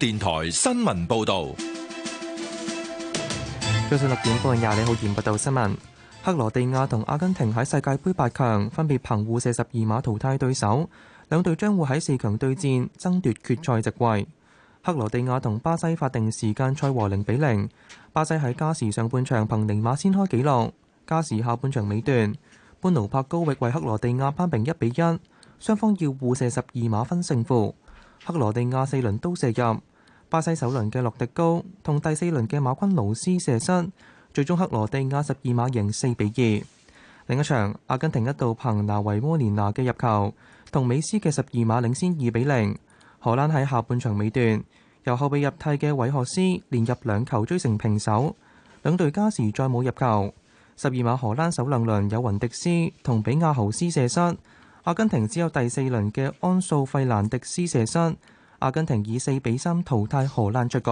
電臺新聞報道，早上六點半廿二號節目報道新聞。克羅地亞同阿根廷喺世界杯八強分別憑互射十二碼淘汰對手，兩隊將會喺四強對戰，爭奪決賽席位。克羅地亞同巴西法定時間賽和零比零，巴西喺加時上半場憑尼馬先開紀錄，加時下半場尾段，班奴柏高域為克羅地亞扳平一比一，雙方要互射十二碼分勝負。克羅地亞四輪都射入。巴西首輪嘅洛迪高同第四輪嘅馬昆盧斯射失，最終克羅地亞十二碼贏四比二。另一場阿根廷一度憑拿維摩連拿嘅入球同美斯嘅十二碼領先二比零。荷蘭喺下半場尾段由後備入替嘅韋赫斯連入兩球追成平手，兩隊加時再冇入球。十二碼荷蘭首兩輪輪有雲迪斯同比亞豪斯射失，阿根廷只有第四輪嘅安素費蘭迪斯射失。阿根廷以四比三淘汰荷蘭出局。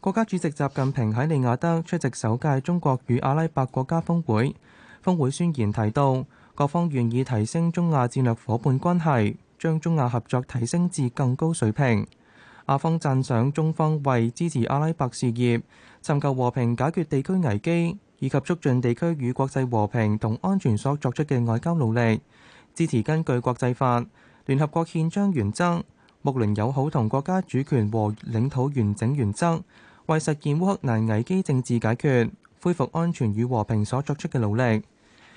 國家主席習近平喺利雅德出席首屆中國與阿拉伯國家峰會，峰會宣言提到，各方願意提升中亞戰略伙伴關係，將中亞合作提升至更高水平。阿方贊賞中方為支持阿拉伯事業、尋求和平解決地區危機以及促進地區與國際和平同安全所作出嘅外交努力，支持根據國際法、聯合國憲章原則、睦鄰友好同國家主權和領土完整原則，為實現烏克蘭危機政治解決、恢復安全與和平所作出嘅努力。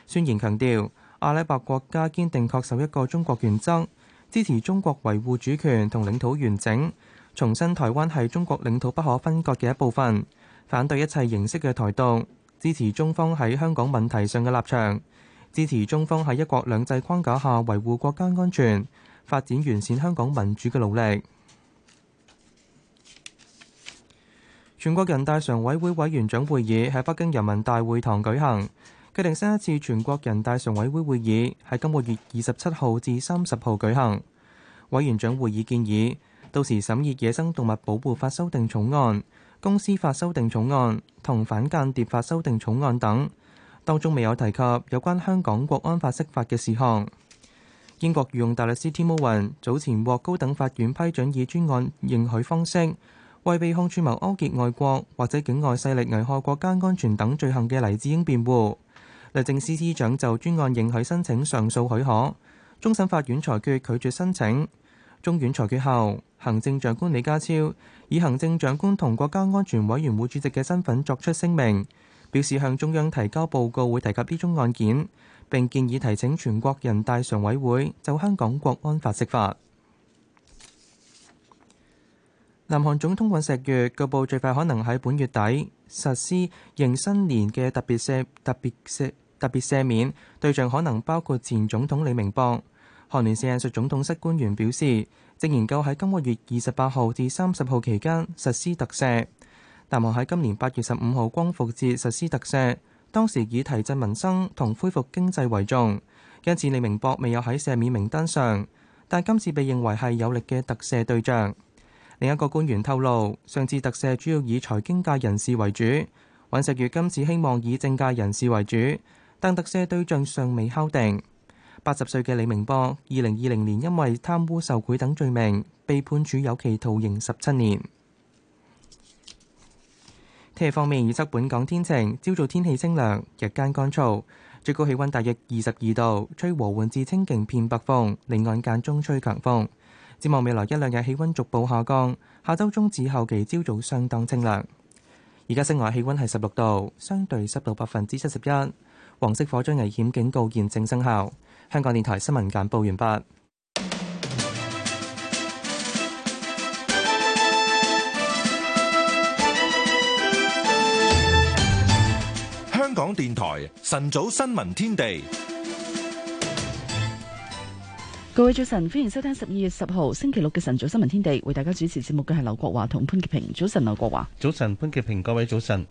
宣言強調，阿拉伯國家堅定恪守一個中國原則，支持中國維護主權同領土完整，重申台灣係中國領土不可分割嘅一部分，反對一切形式嘅台獨，支持中方喺香港問題上嘅立場，支持中方喺一國兩制框架下維護國家安全。發展完善香港民主嘅努力。全國人大常委會委員長會議喺北京人民大會堂舉行，決定新一次全國人大常委會會議喺今個月二十七號至三十號舉行。委員長會議建議，到時審議《野生動物保護法》修訂草案、《公司法》修訂草案同《反間諜法》修訂草案等，當中未有提及有關香港國安法釋法嘅事項。英國御用大律師 Tim Owen 早前獲高等法院批准以專案認許方式，為被控串謀勾結外國或者境外勢力危害國家安全等罪行嘅黎智英辯護。律政司司長就專案認許申請上訴許可，終審法院裁決拒絕，拒絕申請。中院裁決後，行政長官李家超以行政長官同國家安全委員會主席嘅身份作出聲明，表示向中央提交報告會提及呢宗案件。並建議提請全國人大常委會就香港國安法釋法。南韓總統尹錫悅告報最快可能喺本月底實施迎新年嘅特別赦特別赦特別赦免對象，可能包括前總統李明博。韓聯社引述總統室官員表示，正研究喺今個月二十八號至三十號期間實施特赦，南韓喺今年八月十五號光復節實施特赦，當時以提振民生同恢復經濟為重，因此李明博未有喺赦免名單上，但今次被認為係有力嘅特赦對象。另一個官員透露，上次特赦主要以財經界人士為主，尹錫悅今次希望以政界人士為主，但特赦對象尚未敲定。八十歲嘅李明博，二零二零年因為貪污受賄等罪名，被判處有期徒刑十七年。天氣方面，預測本港天晴，朝早天氣清涼，日間乾燥，最高氣溫大約二十二度，吹和緩至清勁偏北風，離岸間中吹強風。展望未來一兩日氣溫逐步下降，下周中至後期朝早相當清涼。而家室外氣溫係十六度，相對濕度百分之七十一，黃色火災危險警告現正生效。香港電台新聞簡報完畢。香港電台晨早新聞天地，各位早晨，歡迎收聽十二月十號星期六嘅晨早新聞天地，為大家主持節目嘅係劉國華同潘潔平。早晨，劉國華。早晨，潘潔平，各位早晨。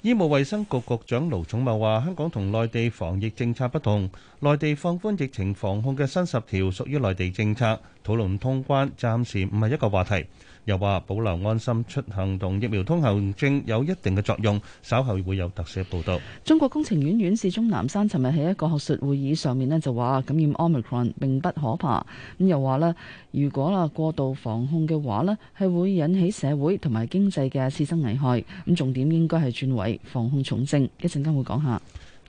醫務衛生局局長盧寵茂話，香港同內地防疫政策不同，內地放寬疫情防控嘅新十條屬於內地政策，討論通關暫時唔係一個話題。又話保留安心出行同疫苗通行證有一定嘅作用，稍後會有特寫報導。中國工程院院士鍾南山尋日喺一個學術會議上面咧就話，感染 Omicron 並不可怕。咁又話咧，如果啦過度防控嘅話咧，係會引起社會同埋經濟嘅次生危害。咁重點應該係轉為防控重症，一陣間會講下。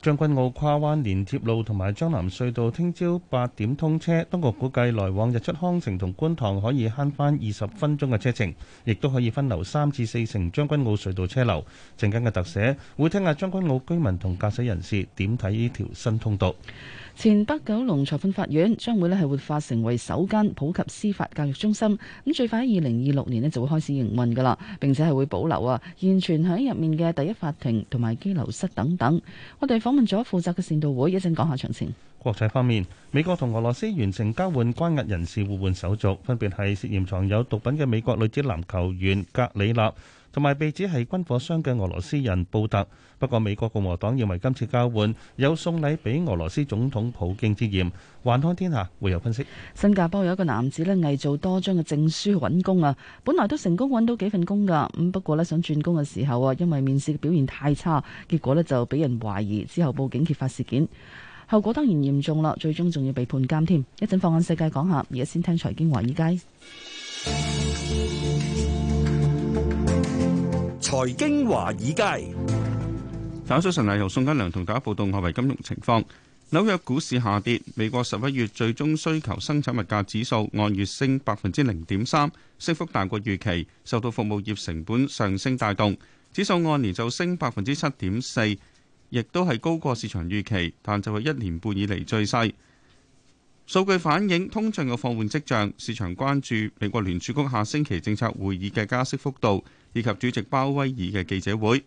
將軍澳跨灣連接路同埋將藍隧道聽朝八點通車，當局估計來往日出康城同觀塘可以慳翻二十分鐘嘅車程，亦都可以分流三至四成將軍澳隧道車流。陣間嘅特寫會聽下將軍澳居民同駕駛人士點睇呢條新通道。前北九龍裁判法院將會咧係活化成為首間普及司法教育中心，咁最快二零二六年咧就會開始營運噶啦，並且係會保留啊完全喺入面嘅第一法庭同埋羈留室等等。我哋訪。問咗負責嘅善導會，一陣講下詳情。國際方面，美國同俄羅斯完成交換關押人士互換手續，分別係涉嫌藏有毒品嘅美國女子籃球員格里納。同埋被指係軍火商嘅俄羅斯人布特，不過美國共和黨認為今次交換有送禮俾俄羅斯總統普京之嫌。環看天下會有分析。新加坡有一個男子咧偽造多張嘅證書去揾工啊，本來都成功揾到幾份工㗎，咁不過咧想轉工嘅時候啊，因為面試嘅表現太差，結果咧就俾人懷疑，之後報警揭發事件，後果當然嚴重啦，最終仲要被判監添。一陣放眼世界講下，而家先聽財經華爾街。財經華爾街，大家早晨，係由宋家良同大家報道外圍金融情況。紐約股市下跌，美國十一月最終需求生產物價指數按月升百分之零點三，升幅大過預期，受到服務業成本上升帶動，指數按年就升百分之七點四，亦都係高過市場預期，但就係一年半以嚟最細。數據反映通脹嘅放緩跡象，市場關注美國聯儲局下星期政策會議嘅加息幅度，以及主席鮑威爾嘅記者會。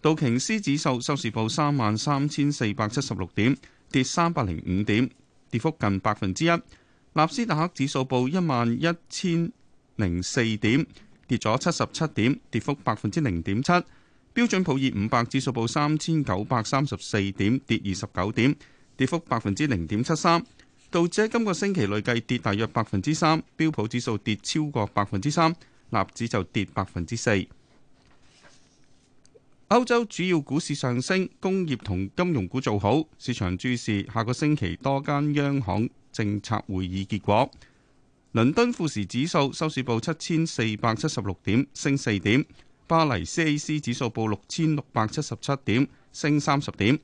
道瓊斯指數收市報三萬三千四百七十六點，跌三百零五點，跌幅近百分之一。納斯達克指數報一萬一千零四點，跌咗七十七點，跌幅百分之零點七。標準普爾五百指數報三千九百三十四點，跌二十九點，跌幅百分之零點七三。道指喺今個星期累計跌大約百分之三，標普指數跌超過百分之三，納指就跌百分之四。歐洲主要股市上升，工業同金融股做好。市場注視下個星期多間央行政策會議結果。倫敦富時指數收市報七千四百七十六點，升四點；巴黎 CAC 指數報六千六百七十七點，升三十點。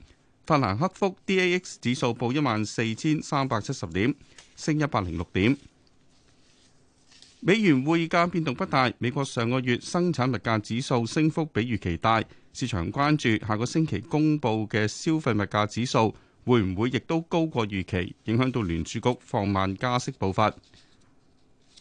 法蘭克福 DAX 指數報一萬四千三百七十點，升一百零六點。美元匯價變動不大，美國上個月生產物價指數升幅比預期大，市場關注下個星期公布嘅消費物價指數會唔會亦都高過預期，影響到聯儲局放慢加息步伐。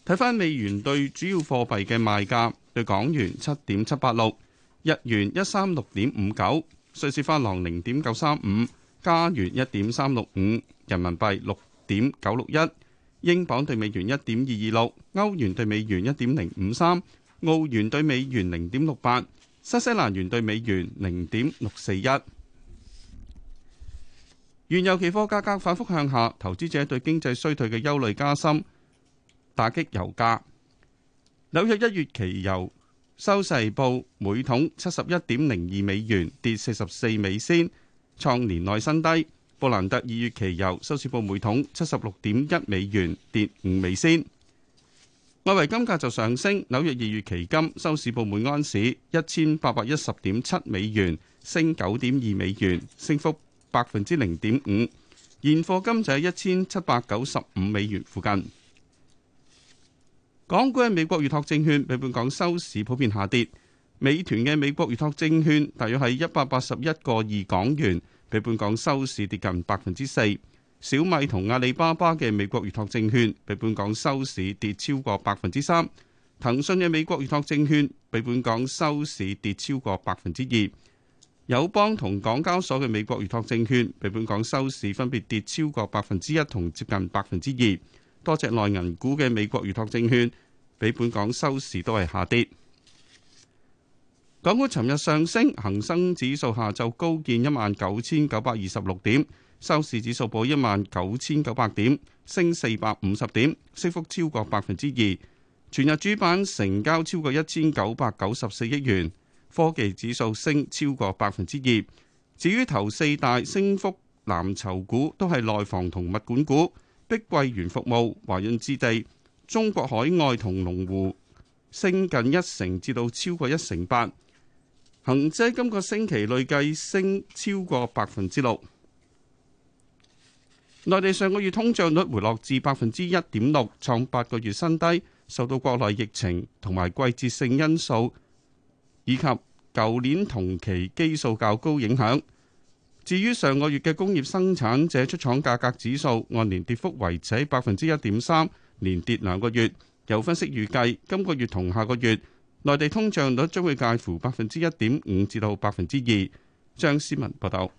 睇翻美元對主要貨幣嘅賣價，對港元七點七八六，日元一三六點五九。瑞士法郎零點九三五，加元一點三六五，人民幣六點九六一，英鎊兌美元一點二二六，歐元兌美元一點零五三，澳元兌美元零點六八，新西蘭元兌美元零點六四一。原油期貨價格反覆向下，投資者對經濟衰退嘅憂慮加深，打擊油價。紐約一月期油收市報每桶七十一點零二美元，跌四十四美仙，創年內新低。布蘭特二月期油收市報每桶七十六點一美元，跌五美仙。外圍金價就上升，紐約二月期金收市報每安士一千八百一十點七美元，升九點二美元，升幅百分之零點五。現貨金就喺一千七百九十五美元附近。港股嘅美國預託證券比本港收市普遍下跌，美團嘅美國預託證券大約係一百八十一個二港元，比本港收市跌近百分之四；小米同阿里巴巴嘅美國預託證券比本港收市跌超過百分之三；騰訊嘅美國預託證券比本港收市跌超過百分之二；友邦同港交所嘅美國預託證券比本港收市分別跌超過百分之一同接近百分之二，多隻內銀股嘅美國預託證券。比本港收市都係下跌。港股尋日上升，恒生指數下晝高見一萬九千九百二十六點，收市指數報一萬九千九百點，升四百五十點，升幅超過百分之二。全日主板成交超過一千九百九十四億元，科技指數升超過百分之二。至於頭四大升幅，藍籌股都係內房同物管股，碧桂園服務、華潤置地。中國海外同龍湖升近一成，至到超過一成八。恒指今個星期累計升超過百分之六。內地上個月通脹率回落至百分之一點六，創八個月新低，受到國內疫情同埋季節性因素以及舊年同期基數較高影響。至於上個月嘅工業生產者出廠價格指數，按年跌幅維持百分之一點三。連跌兩個月，有分析預計今個月同下個月，內地通脹率將會介乎百分之一點五至到百分之二。張詩文報道，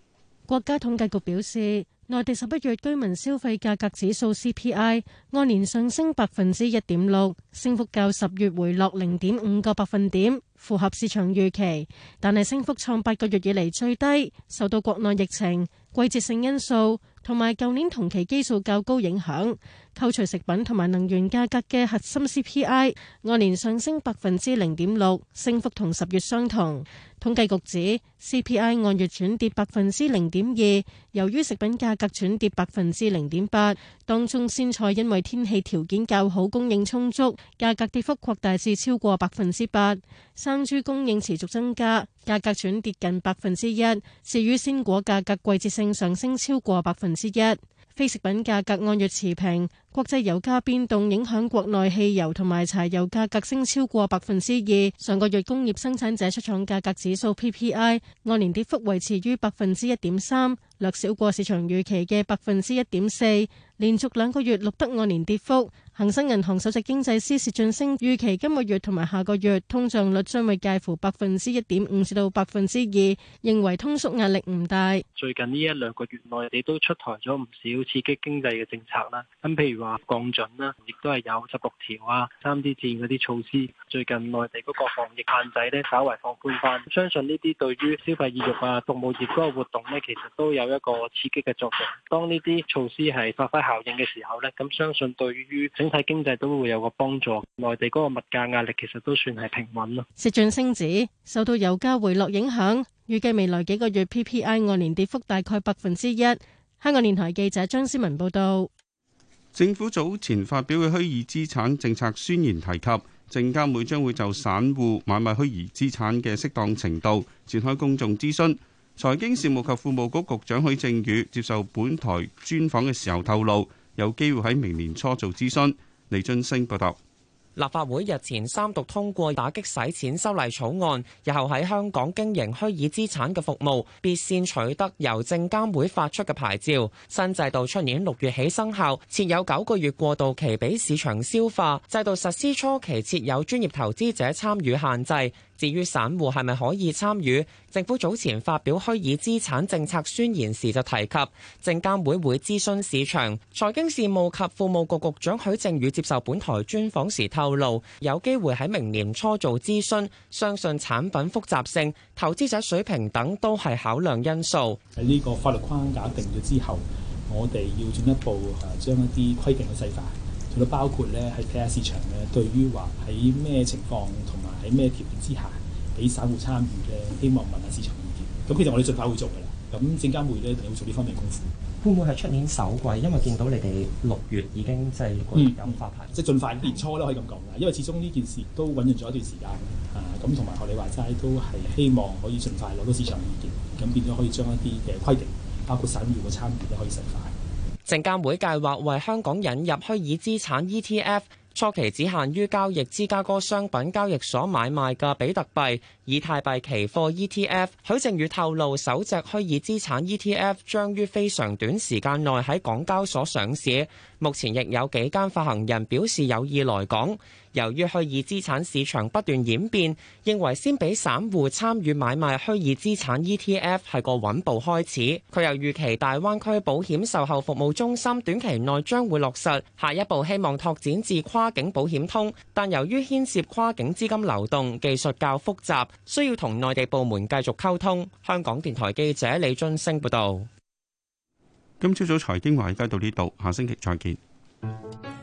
國家統計局表示，內地十一月居民消費價格指數 CPI 按年上升百分之一點六，升幅較十月回落零點五個百分點，符合市場預期。但係升幅創八個月以嚟最低，受到國內疫情、季節性因素同埋舊年同期基數較高影響。扣除食品同埋能源價格嘅核心 CPI，按年上升百分之零點六，升幅同十月相同。統計局指 CPI 按月轉跌百分之零點二，由於食品價格轉跌百分之零點八，當中鮮菜因為天氣條件較好，供應充足，價格跌幅擴大至超過百分之八。生豬供應持續增加，價格轉跌近百分之一，至於鮮果價格季節性上升超過百分之一。非食品價格按月持平。國際油價變動影響國內汽油同埋柴油價格升超過百分之二。上個月工業生產者出廠價格指數 PPI 按年跌幅維持於百分之一點三，略少過市場預期嘅百分之一點四，連續兩個月錄得按年跌幅。恒生銀行首席經濟師薛俊升預期今個月同埋下個月通脹率將會介乎百分之一點五至到百分之二，認為通縮壓力唔大。最近呢一兩個月內地都出台咗唔少刺激經濟嘅政策啦，咁譬如。話降準啦，亦都係有十六條啊三 D 店嗰啲措施。最近內地嗰個防疫限制呢，稍微放寬翻，相信呢啲對於消費意欲啊、服務業嗰個活動呢，其實都有一個刺激嘅作用。當呢啲措施係發揮效應嘅時候呢，咁相信對於整體經濟都會有個幫助。內地嗰個物價壓力其實都算係平穩咯。薛俊星指受到油價回落影響，預計未來幾個月 PPI 按年跌幅大概百分之一。香港電台記者張思文報道。政府早前發表嘅虛擬資產政策宣言提及，證監會將會就散戶買賣虛擬資產嘅適當程度，展開公眾諮詢。財經事務及庫務局局長許正宇接受本台專訪嘅時候透露，有機會喺明年初做諮詢。李津升報道。立法會日前三讀通過打擊洗錢修例草案，日後喺香港經營虛擬資產嘅服務，必先取得由證監會發出嘅牌照。新制度出年六月起生效，設有九個月過渡期俾市場消化。制度實施初期設有專業投資者參與限制。至於散戶係咪可以參與？政府早前發表虛擬資產政策宣言時就提及，證監會會諮詢市場。財經事務及庫務局局長許正宇接受本台專訪時透露，有機會喺明年初做諮詢，相信產品複雜性、投資者水平等都係考量因素。喺呢個法律框架定咗之後，我哋要進一步誒、啊、將一啲規定去細化，仲有包括咧係睇下市場呢對於話喺咩情況。喺咩條件之下俾散戶參與咧？希望問下市場意見。咁其實我哋盡快會做㗎啦。咁證監會咧都會做呢方面功夫。會唔會係出年首季？因為見到你哋六月已經即係敢發牌，即係盡快年初啦，可以咁講啦。因為始終呢件事都醞釀咗一段時間。啊，咁同埋學你話齋都係希望可以盡快攞到市場意見，咁變咗可以將一啲嘅規定，包括散戶嘅參與都可以盡快。證監會計劃為香港引入虛擬資產 ETF。初期只限於交易芝加哥商品交易所買賣嘅比特幣、以太幣期貨 ETF。許正宇透露，首隻虛擬資產 ETF 將於非常短時間內喺港交所上市。目前亦有幾間發行人表示有意來港。由於虛擬資產市場不斷演變，認為先俾散戶參與買賣虛擬資產 ETF 係個穩步開始。佢又預期大灣區保險售後服務中心短期內將會落實，下一步希望拓展至跨境保險通。但由於牽涉跨境資金流動，技術較複雜，需要同內地部門繼續溝通。香港電台記者李津升報導。今朝早財經話題到呢度，下星期再見。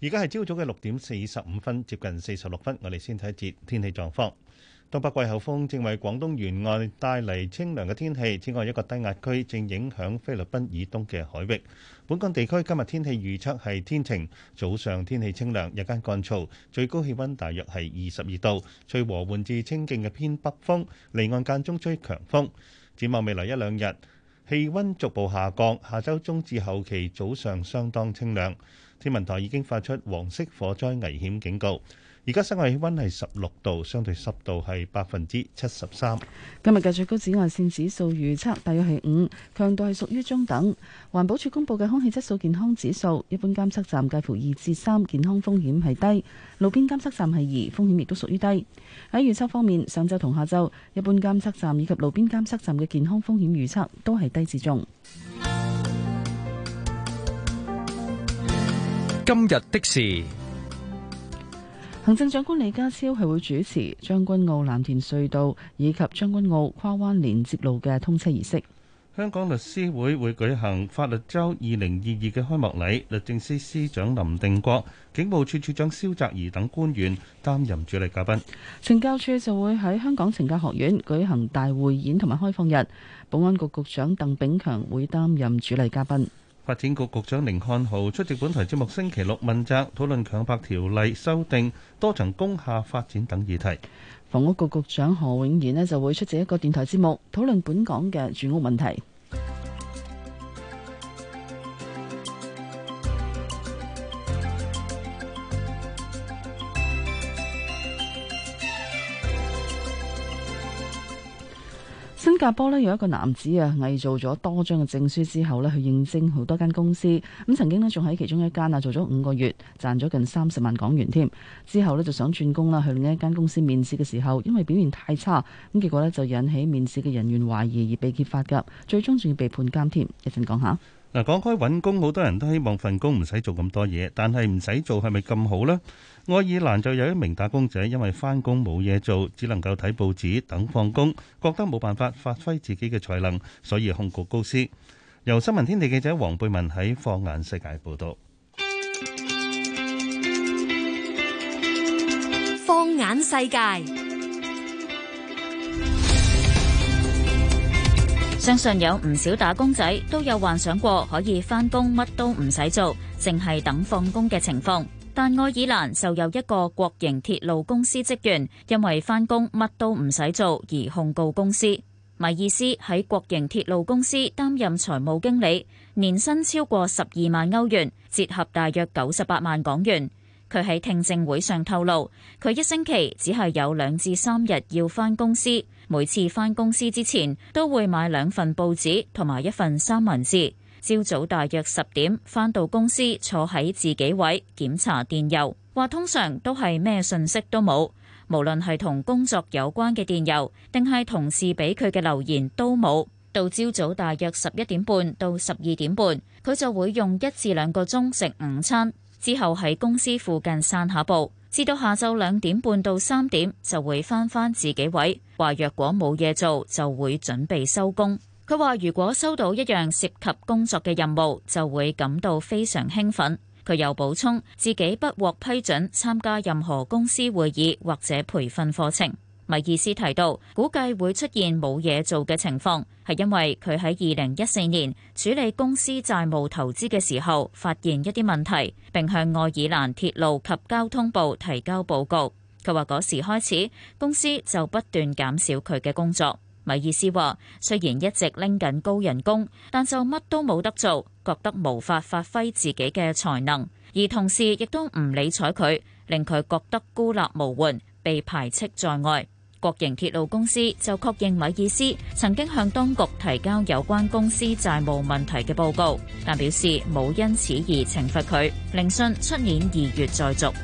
而家係朝早嘅六點四十五分，接近四十六分，我哋先睇一節天氣狀況。東北季候風正為廣東沿岸帶嚟清涼嘅天氣，此外一個低壓區正影響菲律賓以東嘅海域。本港地區今日天氣預測係天晴，早上天氣清涼，日間乾燥，最高氣溫大約係二十二度，隨和緩至清勁嘅偏北風，離岸間中吹強風。展望未來一兩日，氣溫逐步下降，下周中至後期早上相當清涼。天文台已經發出黃色火災危險警告。而家室外氣温係十六度，相對濕度係百分之七十三。今日嘅最高紫外線指數預測大約係五，強度係屬於中等。環保署公布嘅空氣質素健康指數，一般監測站介乎二至三，健康風險係低；路邊監測站係二，風險亦都屬於低。喺預測方面，上晝同下晝，一般監測站以及路邊監測站嘅健康風險預測都係低至中。今日的事，行政長官李家超係會主持將軍澳藍田隧道以及將軍澳跨灣連接路嘅通車儀式。香港律師會會舉行法律周二零二二嘅開幕禮，律政司司長林定國、警務處處長蕭澤頤等官員擔任主禮嘉賓。懲教處就會喺香港懲教學院舉行大會演同埋開放日，保安局局長鄧炳強會擔任主禮嘉賓。發展局局長甯漢豪出席本台節目《星期六問責》，討論強拍條例修訂、多層工廈發展等議題。房屋局局長何永賢呢就會出席一個電台節目，討論本港嘅住屋問題。新加坡咧，有一個男子啊，偽造咗多張嘅證書之後咧，去應徵好多間公司，咁曾經咧仲喺其中一間啊做咗五個月，賺咗近三十萬港元添。之後咧就想轉工啦，去另一間公司面試嘅時候，因為表現太差，咁結果咧就引起面試嘅人員懷疑而被揭發噶，最終仲要被判監添。一陣講下。嗱，講開揾工，好多人都希望份工唔使做咁多嘢，但係唔使做係咪咁好呢？愛爾蘭就有一名打工仔，因為翻工冇嘢做，只能夠睇報紙等放工，覺得冇辦法發揮自己嘅才能，所以控告高師。由新聞天地記者黃貝文喺放眼世界報道。放眼世界。相信有唔少打工仔都有幻想過可以翻工乜都唔使做，淨係等放工嘅情況。但愛爾蘭就有一個國營鐵路公司職員，因為翻工乜都唔使做而控告公司。米爾斯喺國營鐵路公司擔任財務經理，年薪超過十二萬歐元，折合大約九十八萬港元。佢喺聽證會上透露，佢一星期只係有兩至三日要翻公司。每次返公司之前，都會買兩份報紙同埋一份三文治。朝早大約十點返到公司，坐喺自己位，檢查電郵，話通常都係咩信息都冇，無論係同工作有關嘅電郵，定係同事俾佢嘅留言都冇。到朝早大約十一點半到十二點半，佢就會用一至兩個鐘食午餐。之後喺公司附近散下步，至到下晝兩點半到三點就會返返自己位。話若果冇嘢做就會準備收工。佢話如果收到一樣涉及工作嘅任務就會感到非常興奮。佢又補充自己不獲批准參加任何公司會議或者培訓課程。米爾斯提到，估計會出現冇嘢做嘅情況，係因為佢喺二零一四年處理公司債務投資嘅時候，發現一啲問題，並向愛爾蘭鐵路及交通部提交報告。佢話嗰時開始，公司就不斷減少佢嘅工作。米爾斯話，雖然一直拎緊高人工，但就乜都冇得做，覺得無法發揮自己嘅才能，而同事亦都唔理睬佢，令佢覺得孤立無援，被排斥在外。國營鐵路公司就確認米爾斯曾經向當局提交有關公司債務問題嘅報告，但表示冇因此而懲罰佢。聆訊出年二月再續。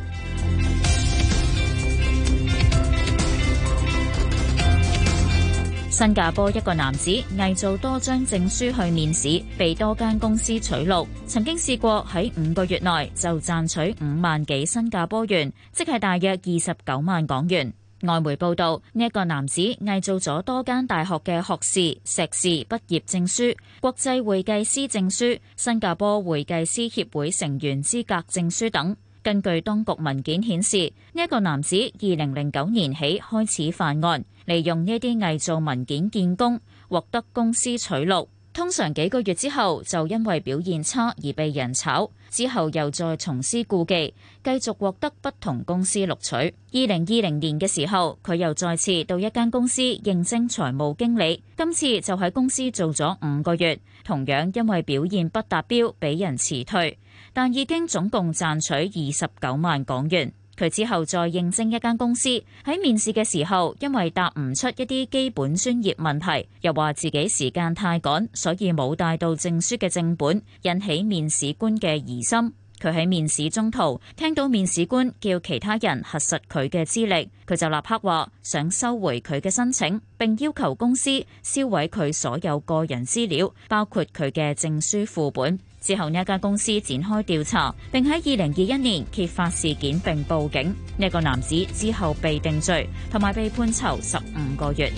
新加坡一個男子偽造多張證書去面試，被多間公司取錄。曾經試過喺五個月內就賺取五萬幾新加坡元，即係大約二十九萬港元。外媒報道，呢一個男子偽造咗多間大學嘅學士、碩士畢業證書、國際會計師證書、新加坡會計師協會成員資格證書等。根據當局文件顯示，呢一個男子二零零九年起開始犯案，利用呢啲偽造文件建功，獲得公司取錄。通常幾個月之後就因為表現差而被人炒，之後又再重施故技，繼續獲得不同公司錄取。二零二零年嘅時候，佢又再次到一間公司應徵財務經理，今次就喺公司做咗五個月，同樣因為表現不達標畀人辭退，但已經總共賺取二十九萬港元。佢之後再應徵一間公司，喺面試嘅時候，因為答唔出一啲基本專業問題，又話自己時間太趕，所以冇帶到證書嘅正本，引起面試官嘅疑心。佢喺面試中途聽到面試官叫其他人核實佢嘅資歷，佢就立刻話想收回佢嘅申請，並要求公司銷毀佢所有個人資料，包括佢嘅證書副本。之後，呢一家公司展開調查，並喺二零二一年揭發事件並報警。呢個男子之後被定罪，同埋被判囚十五個月。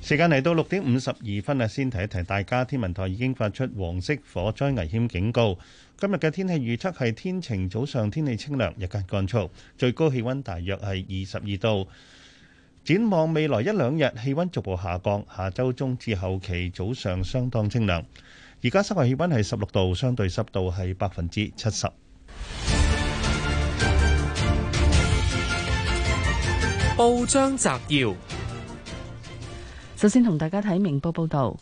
時間嚟到六點五十二分啊，先提一提大家，天文台已經發出黃色火災危險警告。今日嘅天氣預測係天晴，早上天氣清涼，日間乾燥，最高氣溫大約係二十二度。展望未來一兩日，氣溫逐步下降，下週中至後期早上相當清涼。而家室外氣溫係十六度，相對濕度係百分之七十。報章摘要，首先同大家睇明報報道。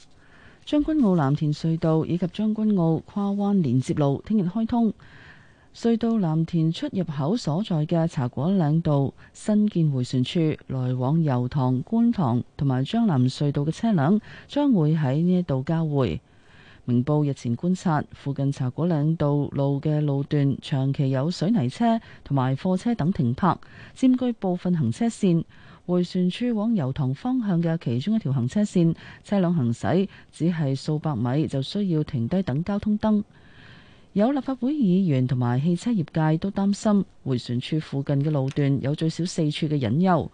將軍澳藍田隧道以及將軍澳跨灣連接路聽日開通，隧道藍田出入口所在嘅茶果嶺道新建回旋處，來往油塘、觀塘同埋將藍隧道嘅車輛將會喺呢一度交匯。明報日前觀察，附近茶果嶺道路嘅路段長期有水泥車同埋貨車等停泊，佔據部分行車線。回旋處往油塘方向嘅其中一條行車線，車輛行駛只係數百米就需要停低等交通燈。有立法會議員同埋汽車業界都擔心回旋處附近嘅路段有最少四處嘅隱憂，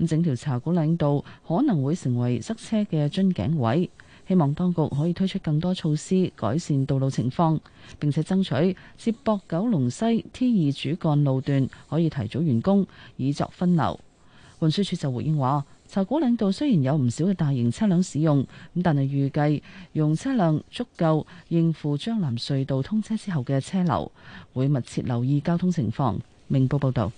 咁整條茶果嶺道可能會成為塞車嘅樽頸位。希望當局可以推出更多措施改善道路情況，並且爭取接駁九龍西 T 二主幹路段可以提早完工，以作分流。運輸署就回應話，茶果嶺道雖然有唔少嘅大型車輛使用，咁但係預計用車輛足夠應付將藍隧道通車之後嘅車流，會密切留意交通情況。明報報導，《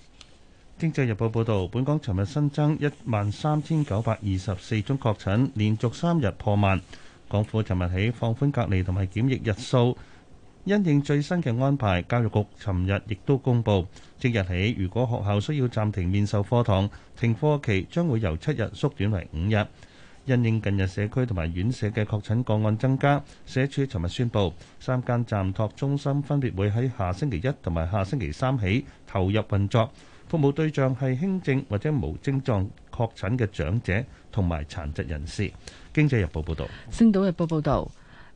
經濟日報》報導，本港尋日新增一萬三千九百二十四宗確診，連續三日破萬。港府尋日起放寬隔離同埋檢疫日數。因應最新嘅安排，教育局尋日亦都公布，即日起如果學校需要暫停面授課堂，停課期將會由七日縮短為五日。因應近日社區同埋院舍嘅確診個案增加，社署尋日宣布，三間暫託中心分別會喺下星期一同埋下星期三起投入運作，服務對象係輕症或者無症狀確診嘅長者同埋殘疾人士。經濟日報報道，《星島日報》報道。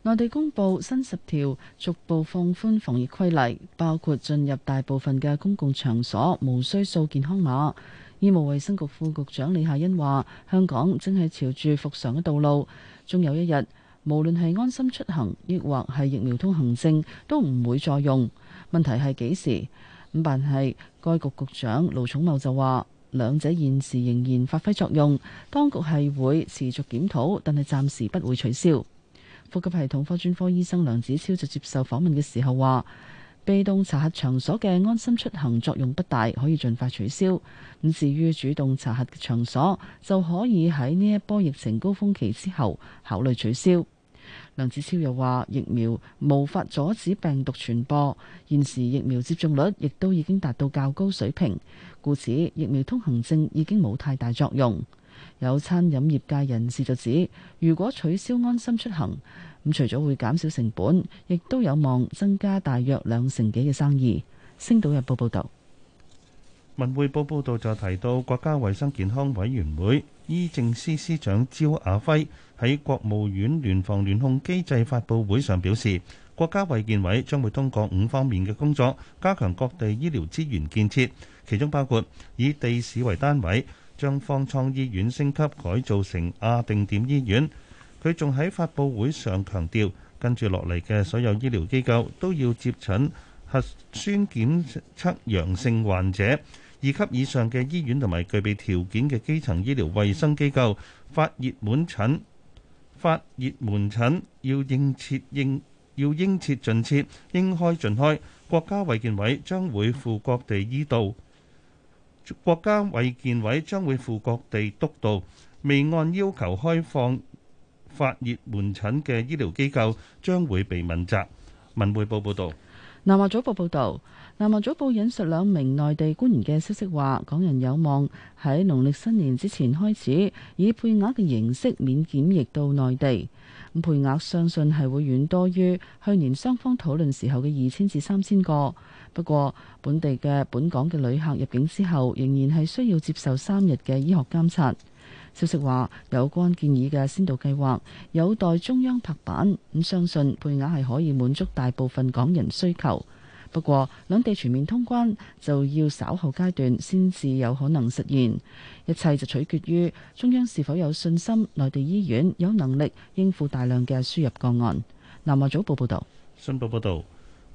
內地公布新十條，逐步放寬防疫規例，包括進入大部分嘅公共場所無需掃健康碼。醫務衛生局副局長李夏茵話：香港正係朝住復常嘅道路，終有一日，無論係安心出行，抑或係疫苗通行證，都唔會再用。問題係幾時？咁但係，該局局長盧寵茂就話：兩者現時仍然發揮作用，當局係會持續檢討，但係暫時不會取消。呼吸系統科專科醫生梁子超就接受訪問嘅時候話，被動查核場所嘅安心出行作用不大，可以盡快取消。咁至於主動查核嘅場所，就可以喺呢一波疫情高峰期之後考慮取消。梁子超又話，疫苗無法阻止病毒傳播，現時疫苗接種率亦都已經達到較高水平，故此疫苗通行證已經冇太大作用。有餐飲業界人士就指，如果取消安心出行，咁除咗會減少成本，亦都有望增加大約兩成幾嘅生意。星島日報報道，文匯報報道就提到，國家衛生健康委員會醫政司司長焦雅輝喺國務院聯防聯控機制發布會上表示，國家衛健委將會通過五方面嘅工作，加強各地醫療資源建設，其中包括以地市為單位。將方艙醫院升級改造成亞定點醫院。佢仲喺發佈會上強調，跟住落嚟嘅所有醫療機構都要接診核酸檢測陽性患者。二級以上嘅醫院同埋具備條件嘅基層醫療衛生機構發熱門診，發熱門診要應設應要，應設盡設，應開盡開。國家衛健委將會赴各地醫道。國家衛健委將會赴各地督導，未按要求開放發熱門診嘅醫療機構將會被問責。文匯報報道，南華早報報導，南華早報引述兩名內地官員嘅消息話，港人有望喺農曆新年之前開始以配額嘅形式免檢疫到內地。咁配額相信係會遠多於去年雙方討論時候嘅二千至三千個。不過，本地嘅本港嘅旅客入境之後，仍然係需要接受三日嘅醫學監察。消息話，有關建議嘅先導計劃有待中央拍板，咁相信配額係可以滿足大部分港人需求。不過，兩地全面通關就要稍後階段先至有可能實現，一切就取決於中央是否有信心，內地醫院有能力應付大量嘅輸入個案。南華早報報道。新報報道。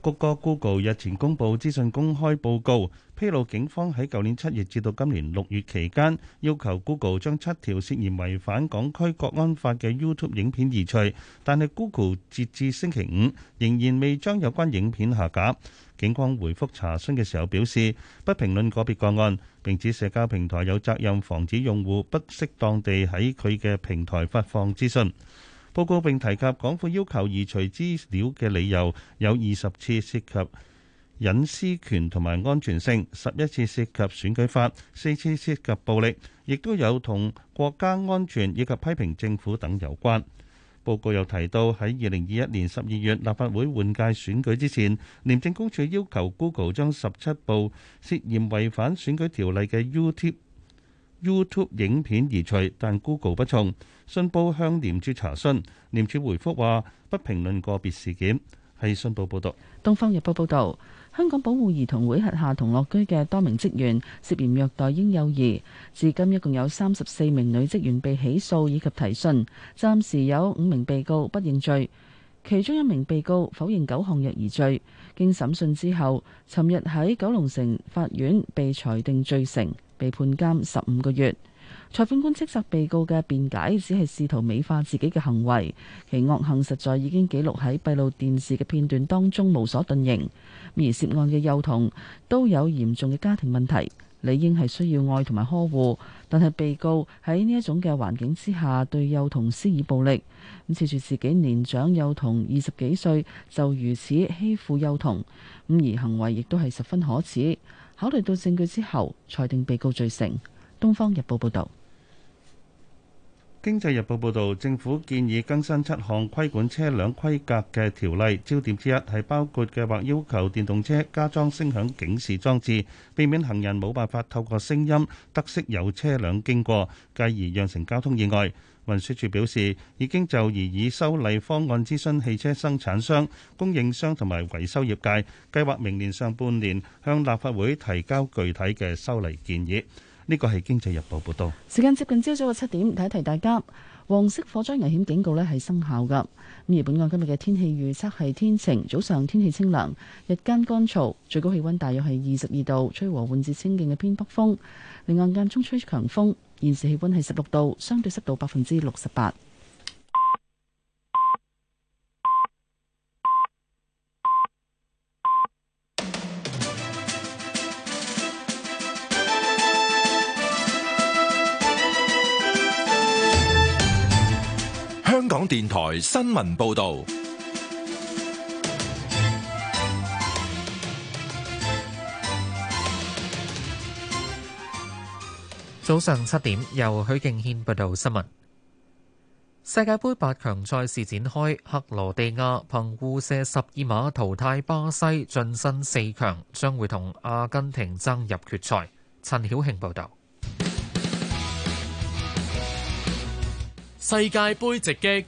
谷歌 Google 日前公布資訊公開報告，披露警方喺舊年七月至到今年六月期間，要求 Google 將七條涉嫌違反港區國安法嘅 YouTube 影片移除，但係 Google 截至星期五仍然未將有關影片下架。警方回覆查詢嘅時候表示，不評論個別個案，並指社交平台有責任防止用戶不適當地喺佢嘅平台發放資訊。報告並提及港府要求移除資料嘅理由，有二十次涉及隱私權同埋安全性，十一次涉及選舉法，四次涉及暴力，亦都有同國家安全以及批評政府等有關。報告又提到喺二零二一年十二月立法會換屆選舉之前，廉政公署要求 Google 將十七部涉嫌違反選舉條例嘅 YouTube。YouTube 影片移除，但 Google 不從。信報向廉署查詢，廉署回覆話不評論個別事件。係信報報導。《東方日報》報導，香港保護兒童會轄下同樂居嘅多名職員涉嫌虐待嬰幼兒，至今一共有三十四名女職員被起訴以及提訊，暫時有五名被告不認罪，其中一名被告否認九項虐兒罪，經審訊之後，尋日喺九龍城法院被裁定罪成。被判監十五個月，裁判官斥責被告嘅辯解只係試圖美化自己嘅行為，其惡行實在已經記錄喺閉路電視嘅片段當中無所遁形。而涉案嘅幼童都有嚴重嘅家庭問題，理應係需要愛同埋呵護，但係被告喺呢一種嘅環境之下對幼童施以暴力，咁恃住自己年長幼童二十幾歲就如此欺負幼童，咁而行為亦都係十分可恥。考慮到證據之後，裁定被告罪成。《東方日報》報導，《經濟日報》報導，政府建議更新七項規管車輛規格嘅條例，焦點之一係包括計劃要求電動車加裝聲響警示裝置，避免行人冇辦法透過聲音得悉有車輛經過，繼而釀成交通意外。運輸署表示，已經就而以修例方案諮詢汽車生產商、供應商同埋維修業界，計劃明年上半年向立法會提交具體嘅修例建議。呢個係《經濟日報》報道。時間接近朝早嘅七點，提一提大家，黃色火災危險警告咧係生效噶。咁而本港今日嘅天氣預測係天晴，早上天氣清涼，日間乾燥，最高氣溫大約係二十二度，吹和緩至清勁嘅偏北風，離岸間中吹強風。現時氣温係十六度，相對濕度百分之六十八。香港電台新聞報道。早上七點，由許敬軒報道新聞。世界盃八強賽事展開，克羅地亞憑互射十二碼淘汰巴西，晉身四強，將會同阿根廷爭入決賽。陳曉慶報道。世界杯直擊。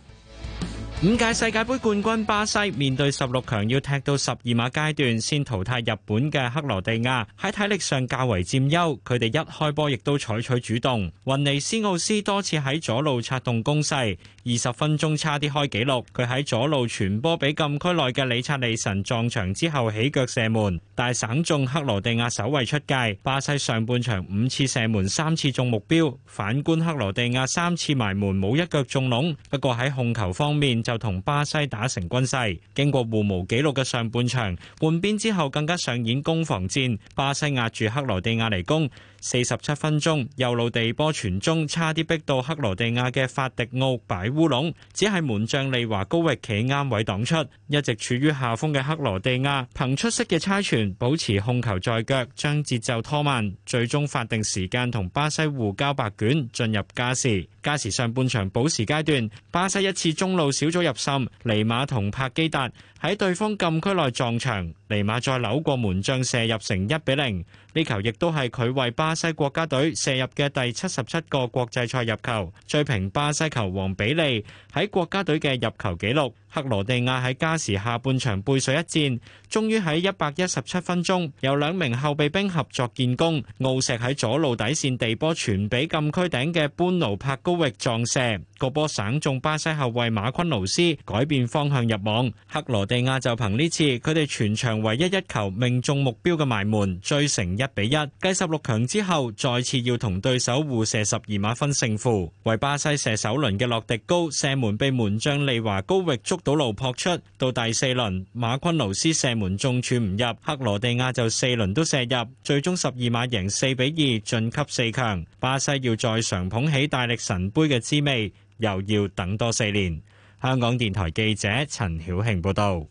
五屆世界杯冠軍巴西面對十六強要踢到十二碼階段先淘汰日本嘅克羅地亞，喺體力上較為佔優。佢哋一開波亦都採取主動，雲尼斯奧斯多次喺左路策動攻勢。二十分鐘差啲開紀錄，佢喺左路傳波俾禁區內嘅里察利神撞牆之後起腳射門，大省中克羅地亞守衛出界。巴西上半場五次射門三次中目標，反觀克羅地亞三次埋門冇一腳中籠。不過喺控球方面就同巴西打成均勢，經過互無紀錄嘅上半場，換邊之後更加上演攻防戰，巴西壓住克羅地亞嚟攻。四十七分鐘，右路地波傳中，差啲逼到克羅地亞嘅法迪奧擺烏龍，只係門將利華高域企啱位擋出。一直處於下風嘅克羅地亞，憑出色嘅差傳保持控球在腳，將節奏拖慢，最終法定時間同巴西互交白卷進入加時。加時上半場補時階段，巴西一次中路小組入滲，尼馬同帕基達喺對方禁區內撞牆。尼馬再扭過門將射入成一比零，呢球亦都係佢為巴西國家隊射入嘅第七十七個國際賽入球，追平巴西球王比利喺國家隊嘅入球紀錄。克羅地亞喺加時下半場背水一戰。終於喺一百一十七分鐘，有兩名後備兵合作建功，澳石喺左路底線地波傳俾禁區頂嘅班奴帕高域撞射，個波省中巴西後衛馬昆勞斯改變方向入網，克羅地亞就憑呢次佢哋全場唯一一球命中目標嘅埋門，追成一比一。繼十六強之後，再次要同對手互射十二碼分勝負，為巴西射首輪嘅洛迪高射門被門將利華高域捉到路撲出，到第四輪馬昆勞斯射門仲串唔入，克羅地亞就四輪都射入，最終十二碼贏四比二晉級四強。巴西要再嘗捧起大力神杯嘅滋味，又要等多四年。香港電台記者陳曉慶報道。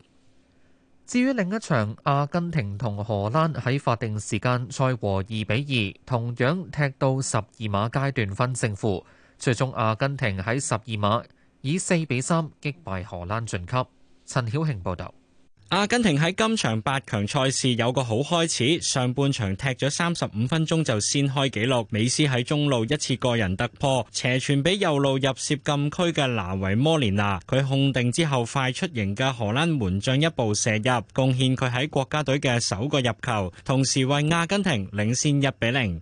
至於另一場阿根廷同荷蘭喺法定時間賽和二比二，同樣踢到十二碼階段分勝負，最終阿根廷喺十二碼以四比三擊敗荷蘭晉級。陳曉慶報道。阿根廷喺今場八強賽事有個好開始，上半場踢咗三十五分鐘就先開紀錄。美斯喺中路一次個人突破，斜傳俾右路入涉禁區嘅拿維摩連拿，佢控定之後快出型嘅荷蘭門將一步射入，貢獻佢喺國家隊嘅首個入球，同時為阿根廷領先一比零。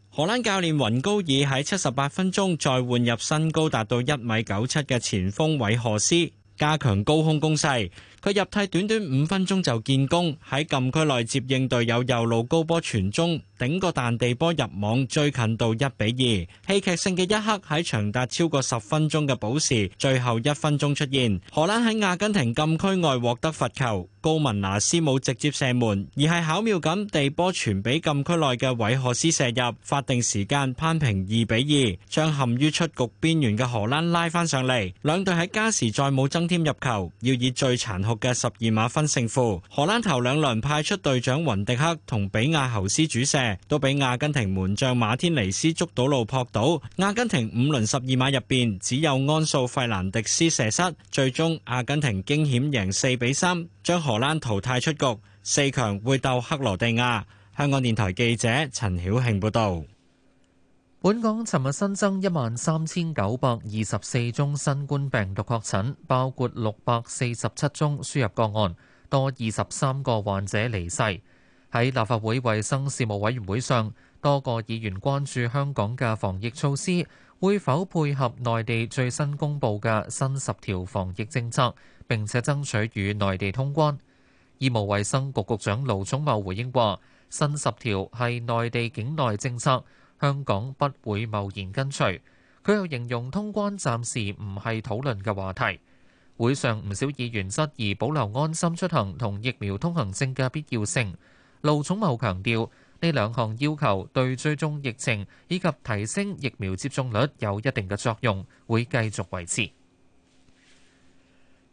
荷蘭教練雲高爾喺七十八分鐘再換入身高達到一米九七嘅前鋒韋何斯，加強高空攻勢。佢入替短短五分鐘就建功，喺禁區內接應隊友右路高波傳中。整個彈地波入網，追近到一比二。戲劇性嘅一刻喺長達超過十分鐘嘅補時，最後一分鐘出現。荷蘭喺阿根廷禁區外獲得罰球，高文拿斯冇直接射門，而係巧妙咁地，地波傳俾禁區內嘅韋賀斯射入。法定時間攀平二比二，將陷於出局邊緣嘅荷蘭拉翻上嚟。兩隊喺加時再冇增添入球，要以最殘酷嘅十二碼分勝負。荷蘭頭兩輪派，派出隊長雲迪克同比亞侯斯主射。都俾阿根廷門將馬天尼斯捉到路撲倒。阿根廷五輪十二碼入邊只有安素費蘭迪斯射失，最終阿根廷驚險贏四比三，將荷蘭淘汰出局，四強會鬥克羅地亞。香港電台記者陳曉慶報道。本港尋日新增一萬三千九百二十四宗新冠病毒確診，包括六百四十七宗輸入個案，多二十三個患者離世。喺立法會衞生事務委員會上，多個議員關注香港嘅防疫措施會否配合內地最新公布嘅新十條防疫政策，並且爭取與內地通關。醫務衛生局局長盧寵茂回應話，新十條係內地境內政策，香港不會貿然跟隨。佢又形容通關暫時唔係討論嘅話題。會上唔少議員質疑保留安心出行同疫苗通行證嘅必要性。盧寵茂強調，呢兩項要求對追蹤疫情以及提升疫苗接種率有一定嘅作用，會繼續維持。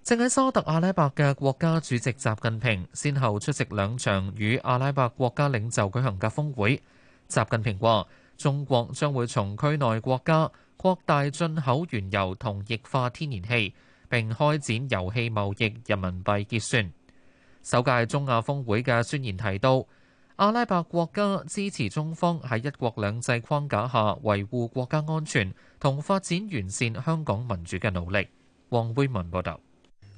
正喺沙特阿拉伯嘅國家主席習近平先後出席兩場與阿拉伯國家領袖舉行嘅峰會。習近平話，中國將會從區內國家擴大進口原油同液化天然氣，並開展油氣貿易人民幣結算。首屆中亞峰會嘅宣言提到，阿拉伯國家支持中方喺一國兩制框架下維護國家安全同發展完善香港民主嘅努力。黃惠文報導，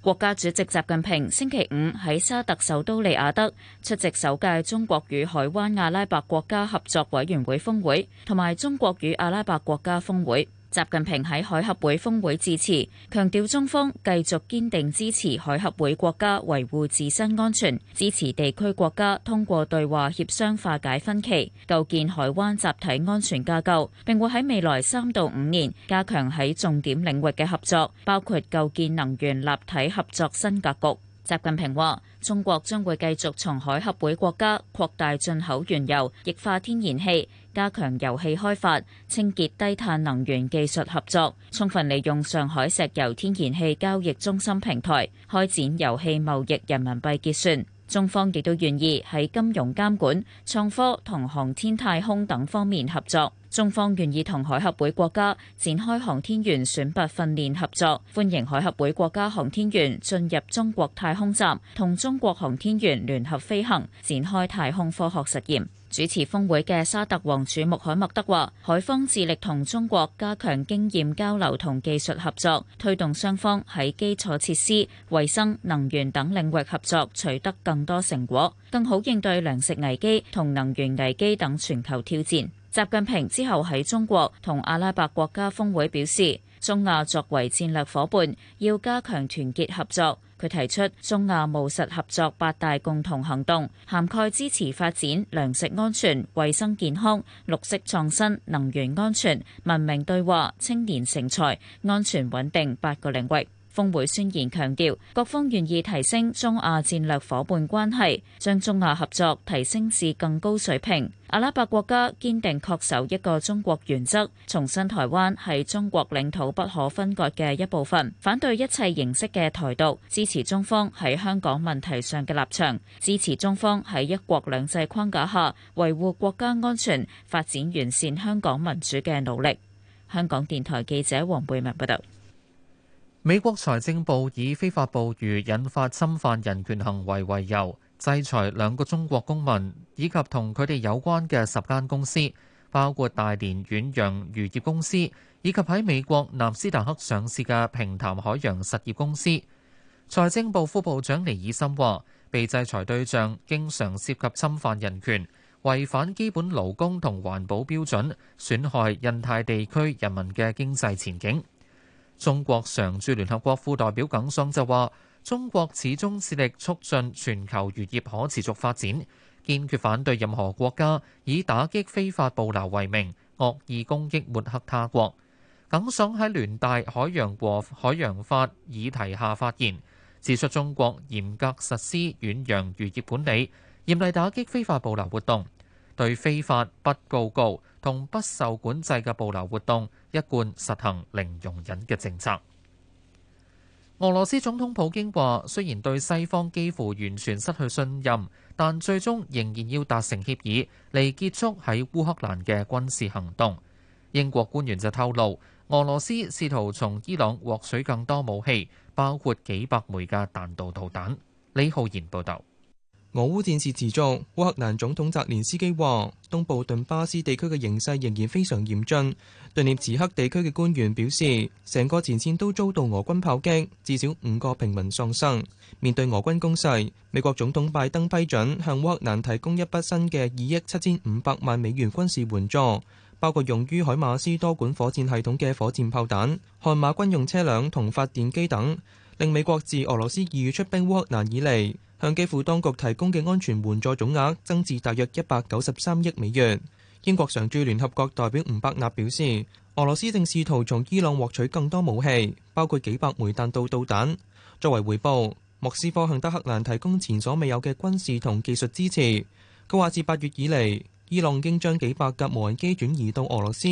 國家主席習近平星期五喺沙特首都利雅德出席首屆中國與海灣阿拉伯國家合作委員會峯會同埋中國與阿拉伯國家峯會。習近平喺海合會峯會致辭，強調中方繼續堅定支持海合會國家維護自身安全，支持地區國家通過對話協商化解分歧，構建海灣集體安全架構，並會喺未來三到五年加強喺重點領域嘅合作，包括構建能源立體合作新格局。習近平話：中國將會繼續從海合會國家擴大進口原油、液化天然氣。加強油氣開發、清潔低碳能源技術合作，充分利用上海石油天然氣交易中心平台開展油氣貿易人民幣結算。中方亦都願意喺金融監管、創科同航天太空等方面合作。中方願意同海合會國家展開航天員選拔訓練合作，歡迎海合會國家航天員進入中國太空站同中國航天員聯合飛行，展開太空科學實驗。主持峰會嘅沙特王儲穆罕默德話，海方致力同中國加強經驗交流同技術合作，推動雙方喺基礎設施、衛生、能源等領域合作取得更多成果，更好應對糧食危機同能源危機等全球挑戰。習近平之後喺中國同阿拉伯國家峰會表示：中亞作為戰略伙伴，要加強團結合作。佢提出中亞務實合作八大共同行動，涵蓋支持發展、糧食安全、衛生健康、綠色創新、能源安全、文明對話、青年成才、安全穩定八個領域。峰會宣言強調，各方願意提升中亞戰略夥伴關係，將中亞合作提升至更高水平。阿拉伯國家堅定恪守一個中國原則，重申台灣係中國領土不可分割嘅一部分，反對一切形式嘅台獨，支持中方喺香港問題上嘅立場，支持中方喺一國兩制框架下維護國家安全、發展完善香港民主嘅努力。香港電台記者黃貝文報道。美國財政部以非法捕魚、引發侵犯人權行為為由，制裁兩個中國公民以及同佢哋有關嘅十間公司，包括大連遠洋漁業公司以及喺美國納斯達克上市嘅平潭海洋實業公司。財政部副部長尼爾森話，被制裁對象經常涉及侵犯人權、違反基本勞工同環保標準、損害印太地區人民嘅經濟前景。中國常駐聯合國副代表耿爽就話，中國始終致力促進全球漁業可持續發展，堅決反對任何國家以打擊非法捕撈為名惡意攻擊抹黑他國。耿爽喺聯大海洋和海洋法議題下發言，指出中國嚴格實施遠洋漁業管理，嚴厲打擊非法捕撈活動。對非法不報告同不受管制嘅捕魚活動，一貫實行零容忍嘅政策。俄羅斯總統普京話：雖然對西方幾乎完全失去信任，但最終仍然要達成協議嚟結束喺烏克蘭嘅軍事行動。英國官員就透露，俄羅斯試圖從伊朗獲取更多武器，包括幾百枚嘅彈道導彈。李浩然報導。俄烏戰事持續，烏克蘭總統澤連斯基話：東部頓巴斯地區嘅形勢仍然非常嚴峻。頓涅茨克地區嘅官員表示，成個前線都遭到俄軍炮擊，至少五個平民喪生。面對俄軍攻勢，美國總統拜登批准向烏克蘭提供一筆新嘅二億七千五百萬美元軍事援助，包括用於海馬斯多管火箭系統嘅火箭炮彈、悍馬軍用車輛同發電機等。令美國自俄羅斯二月出兵烏克蘭以嚟，向基輔當局提供嘅安全援助總額增至大約一百九十三億美元。英國常駐聯合國代表吳伯納表示，俄羅斯正試圖從伊朗獲取更多武器，包括幾百枚彈道導彈。作為回報，莫斯科向德黑蘭提供前所未有嘅軍事同技術支持。佢話，自八月以嚟，伊朗已經將幾百架無人機轉移到俄羅斯。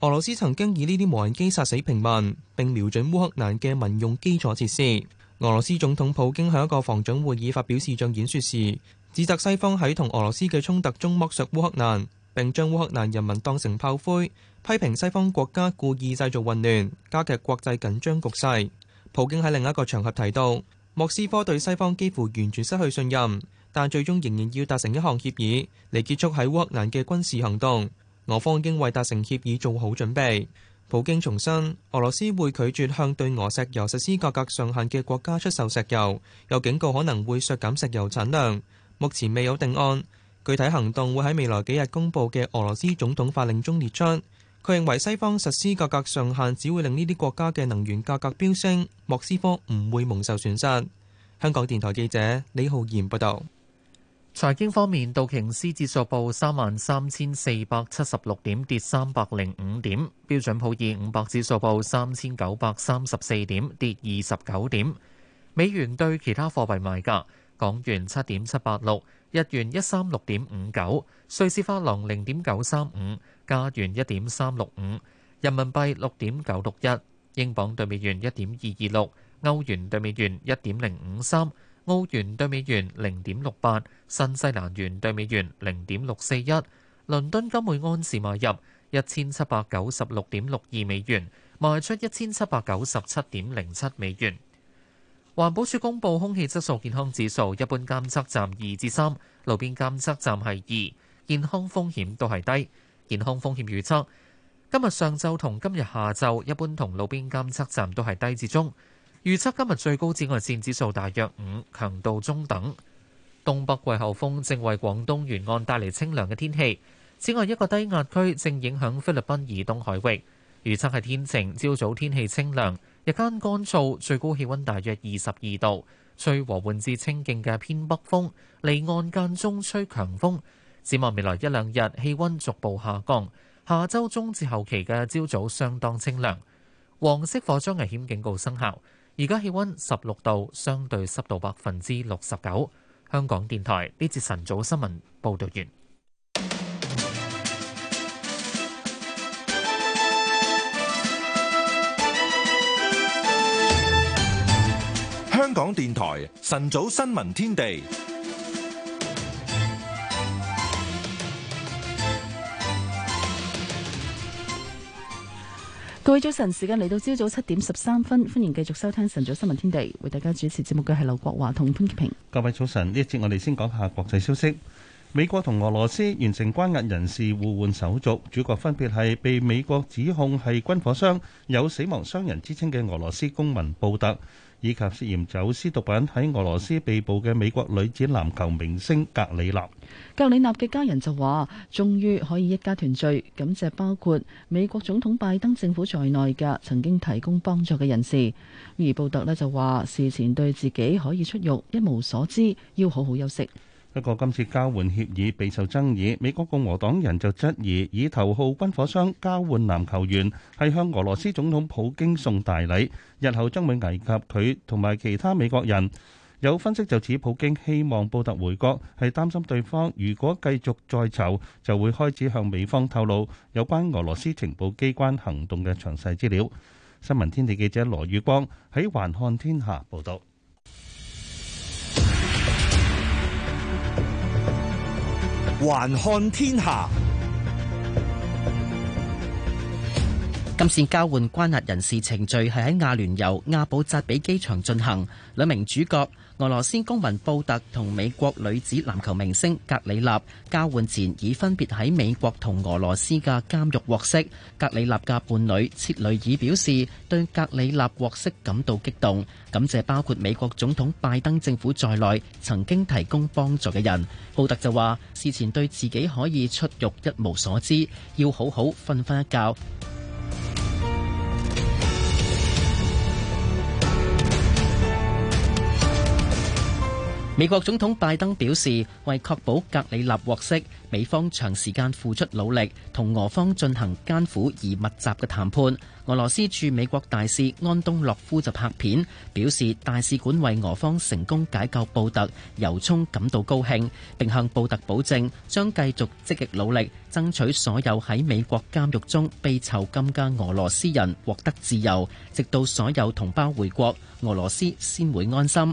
俄羅斯曾經以呢啲無人機殺死平民，並瞄準烏克蘭嘅民用基礎設施。俄羅斯總統普京喺一個防長會議發表視像演說時，指責西方喺同俄羅斯嘅衝突中剝削烏克蘭，並將烏克蘭人民當成炮灰，批評西方國家故意製造混亂，加劇國際緊張局勢。普京喺另一個場合提到，莫斯科對西方幾乎完全失去信任，但最終仍然要達成一項協議嚟結束喺烏克蘭嘅軍事行動。俄方已經為達成協議做好準備。普京重申，俄羅斯會拒絕向對俄石油實施價格上限嘅國家出售石油，有警告可能會削減石油產量。目前未有定案，具體行動會喺未來幾日公布嘅俄羅斯總統法令中列出。佢認為西方實施價格上限只會令呢啲國家嘅能源價格飆升，莫斯科唔會蒙受損失。香港電台記者李浩然報道。財經方面，道瓊斯指數報三萬三千四百七十六點，跌三百零五點；標準普爾五百指數報三千九百三十四點，跌二十九點。美元對其他貨幣賣價：港元七點七八六，日元一三六點五九，瑞士法郎零點九三五，加元一點三六五，人民幣六點九六一，英鎊對美元一點二二六，歐元對美元一點零五三。澳元兌美元零點六八，新西蘭元兌美元零點六四一，倫敦金每安士買入一千七百九十六點六二美元，賣出一千七百九十七點零七美元。環保署公布空氣質素健康指數，一般監測站二至三，路邊監測站係二，健康風險都係低。健康風險預測，今日上晝同今日下晝，一般同路邊監測站都係低至中。預測今日最高紫外線指數大約五，強度中等。東北季候風正為廣東沿岸帶嚟清涼嘅天氣。此外，一個低壓區正影響菲律賓以東海域。預測係天晴，朝早天氣清涼，日間乾燥，最高氣温大約二十二度，吹和緩至清勁嘅偏北風，離岸間中吹強風。展望未來一兩日，氣温逐步下降。下周中至後期嘅朝早相當清涼。黃色火災危險警告生效。而家氣溫十六度，相對濕度百分之六十九。香港電台呢節晨早新聞報導完。香港電台晨早新聞天地。各位早晨，時間嚟到朝早七點十三分，歡迎繼續收聽晨早新聞天地。為大家主持節目嘅係劉國華同潘潔平。各位早晨，呢一節我哋先講下國際消息。美國同俄羅斯完成關押人士互換手續，主角分別係被美國指控係軍火商、有死亡商人之稱嘅俄羅斯公民布特，以及涉嫌走私毒品喺俄羅斯被捕嘅美國女子籃球明星格里納，格里納嘅家人就話，終於可以一家團聚，感謝包括美國總統拜登政府在內嘅曾經提供幫助嘅人士。而布特呢就話，事前對自己可以出獄一無所知，要好好休息。不過今次交換協議備受爭議，美國共和黨人就質疑以頭號軍火商交換籃球員係向俄羅斯總統普京送大禮，日後將會危及佢同埋其他美國人。有分析就指普京希望布特回國，係擔心對方如果繼續在囚，就會開始向美方透露有關俄羅斯情報機關行動嘅詳細資料。新聞天地記者羅宇光喺環看天下報道。環看天下，今次交換關押人士程序係喺亞聯酋阿布扎比機場進行，兩名主角。俄羅斯公民布特同美國女子籃球明星格里納交換前已分別喺美國同俄羅斯嘅監獄獲釋。格里納嘅伴侶切雷爾表示對格里納獲釋感到激動，感謝包括美國總統拜登政府在內曾經提供幫助嘅人。布特就話，事前對自己可以出獄一無所知，要好好瞓翻一覺。美國總統拜登表示，為確保格里納獲釋，美方長時間付出努力，同俄方進行艱苦而密集嘅談判。俄羅斯駐美國大使安東諾夫就拍片表示，大使館為俄方成功解救布特由衷感到高興，並向布特保證，將繼續積極努力，爭取所有喺美國監獄中被囚禁嘅俄羅斯人獲得自由，直到所有同胞回國，俄羅斯先會安心。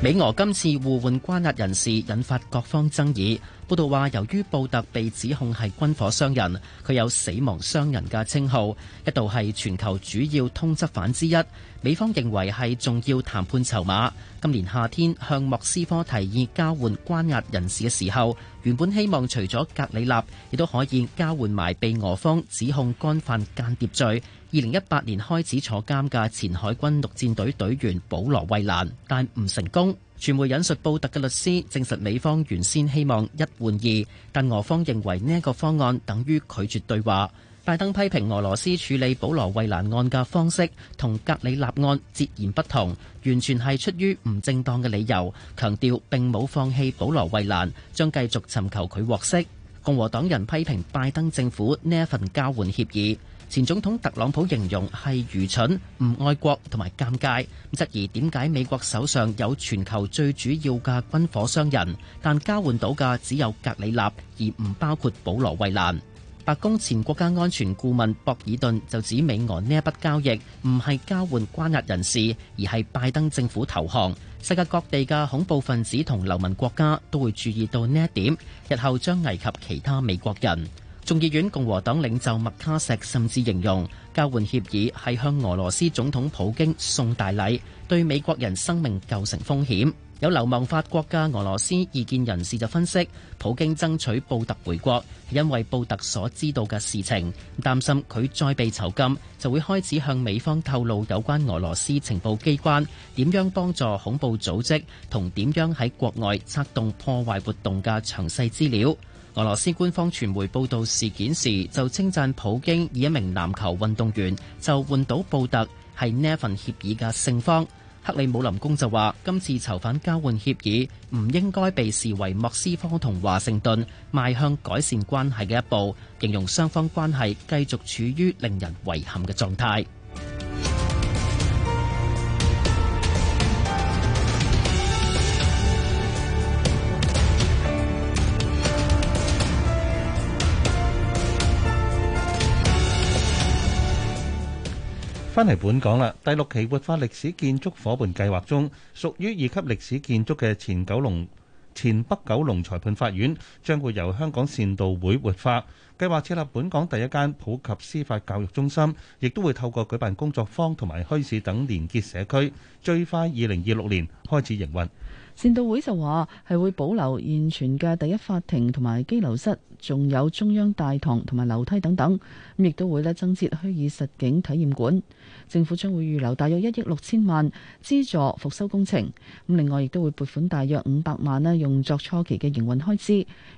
美俄今次互換關押人士引發各方爭議。報道話，由於布特被指控係軍火商人，佢有死亡商人嘅稱號，一度係全球主要通緝犯之一。美方認為係重要談判籌碼。今年夏天，向莫斯科提議交換關押人士嘅時候，原本希望除咗格里納，亦都可以交換埋被俄方指控干犯間諜罪，二零一八年開始坐監嘅前海軍陸戰隊隊員保羅衛蘭，但唔成功。傳媒引述布特嘅律師證實，美方原先希望一換二，但俄方認為呢一個方案等於拒絕對話。拜登批評俄羅斯處理保羅衛蘭案嘅方式同格里納案截然不同，完全係出於唔正當嘅理由。強調並冇放棄保羅衛蘭，將繼續尋求佢獲釋。共和黨人批評拜登政府呢一份交換協議。前總統特朗普形容係愚蠢、唔愛國同埋尷尬，咁質疑點解美國手上有全球最主要嘅軍火商人，但交換到嘅只有格里納，而唔包括保羅惠蘭。白宮前國家安全顧問博爾頓就指美俄呢一筆交易唔係交換關押人士，而係拜登政府投降。世界各地嘅恐怖分子同流氓國家都會注意到呢一點，日後將危及其他美國人。眾議院共和黨領袖麥卡錫甚至形容，交換協議係向俄羅斯總統普京送大禮，對美國人生命構成風險。有流亡法國嘅俄羅斯異見人士就分析，普京爭取布特回國，因為布特所知道嘅事情，擔心佢再被囚禁，就會開始向美方透露有關俄羅斯情報機關點樣幫助恐怖組織同點樣喺國外策動破壞活動嘅詳細資料。俄羅斯官方傳媒報道事件時，就稱讚普京以一名籃球運動員就換到布特係呢一份協議嘅勝方。克里姆林宮就話，今次囚犯交換協議唔應該被視為莫斯科同華盛頓邁向改善關係嘅一步，形容雙方關係繼續處於令人遺憾嘅狀態。翻嚟本港啦！第六期活化歷史建築夥伴計劃中，屬於二級歷史建築嘅前九龍、前北九龍裁判法院，將會由香港善道會活化。計劃設立本港第一間普及司法教育中心，亦都會透過舉辦工作坊同埋墟市等連結社區，最快二零二六年開始營運。善道會就話係會保留現存嘅第一法庭同埋羈留室，仲有中央大堂同埋樓梯等等，咁亦都會咧增設虛擬實境體驗館。政府將會預留大約一億六千萬資助復修工程，咁另外亦都會撥款大約五百萬咧用作初期嘅營運開支，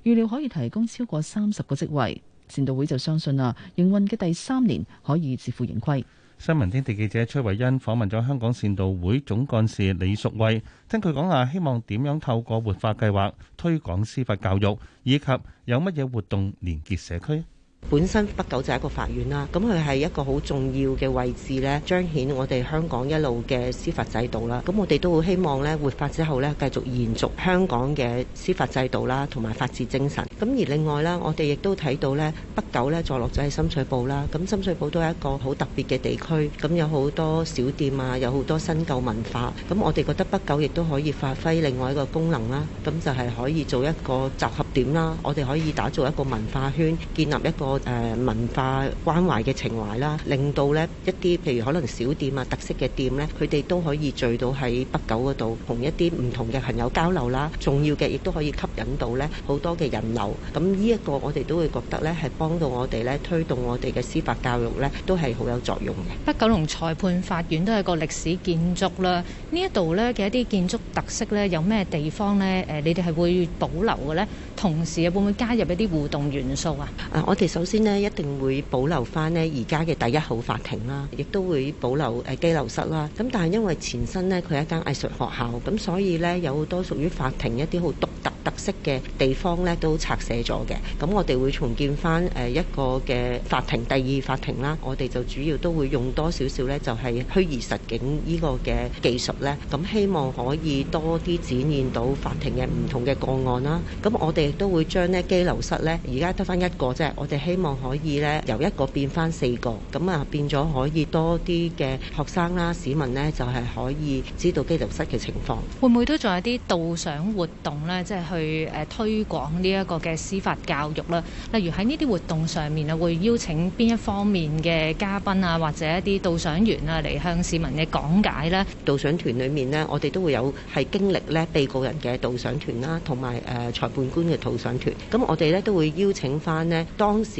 預料可以提供超過三十個職位。善道會就相信啊，營運嘅第三年可以自負盈虧。新聞天地記者崔慧欣訪問咗香港善導會總幹事李淑慧，聽佢講下希望點樣透過活化計劃推廣司法教育，以及有乜嘢活動連結社區。本身北九就係一個法院啦，咁佢係一個好重要嘅位置咧，彰顯我哋香港一路嘅司法制度啦。咁我哋都好希望咧，活化之後咧，繼續延續香港嘅司法制度啦，同埋法治精神。咁而另外啦，我哋亦都睇到咧，北九咧坐落咗喺深水埗啦，咁深水埗都係一個好特別嘅地區，咁有好多小店啊，有好多新舊文化。咁我哋覺得北九亦都可以發揮另外一個功能啦，咁就係可以做一個集合點啦，我哋可以打造一個文化圈，建立一個。個誒文化關懷嘅情懷啦，令到咧一啲譬如可能小店啊、特色嘅店咧，佢哋都可以聚到喺北九嗰度，同一啲唔同嘅朋友交流啦。重要嘅亦都可以吸引到咧好多嘅人流。咁呢一個我哋都會覺得咧，係幫到我哋咧推動我哋嘅司法教育咧，都係好有作用嘅。北九龍裁判法院都係一個歷史建築啦。呢一度咧嘅一啲建築特色咧，有咩地方咧？誒，你哋係會保留嘅咧？同時會唔會加入一啲互動元素啊？誒，我其實。首先呢，一定會保留翻呢而家嘅第一號法庭啦，亦都會保留誒拘留室啦。咁但係因為前身呢，佢係一間藝術學校，咁所以呢，有好多屬於法庭一啲好獨特特色嘅地方呢，都拆卸咗嘅。咁我哋會重建翻誒一個嘅法庭第二法庭啦。我哋就主要都會用多少少呢，就係虛擬實景呢個嘅技術呢。咁希望可以多啲展現到法庭嘅唔同嘅個案啦。咁我哋都會將呢拘留室呢，而家得翻一個啫。即係、我哋希望可以咧由一個變翻四個，咁啊變咗可以多啲嘅學生啦、市民咧就係可以知道拘留室嘅情況，會唔會都仲有啲導賞活動咧？即係去誒推廣呢一個嘅司法教育啦。例如喺呢啲活動上面啊，會邀請邊一方面嘅嘉賓啊，或者一啲導賞員啊嚟向市民嘅講解咧。導賞團裏面咧，我哋都會有係經歷咧被告人嘅導賞團啦，同埋誒裁判官嘅導賞團，咁我哋咧都會邀請翻咧當時。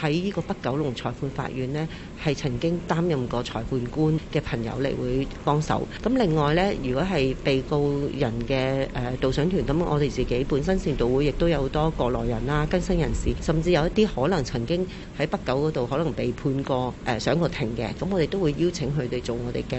喺呢個北九龍裁判法院咧，係曾經擔任過裁判官嘅朋友嚟會幫手。咁另外咧，如果係被告人嘅誒導賞團，咁、呃、我哋自己本身善導會亦都有好多過來人啦、更新人士，甚至有一啲可能曾經喺北九嗰度可能被判過誒上、呃、過庭嘅，咁我哋都會邀請佢哋做我哋嘅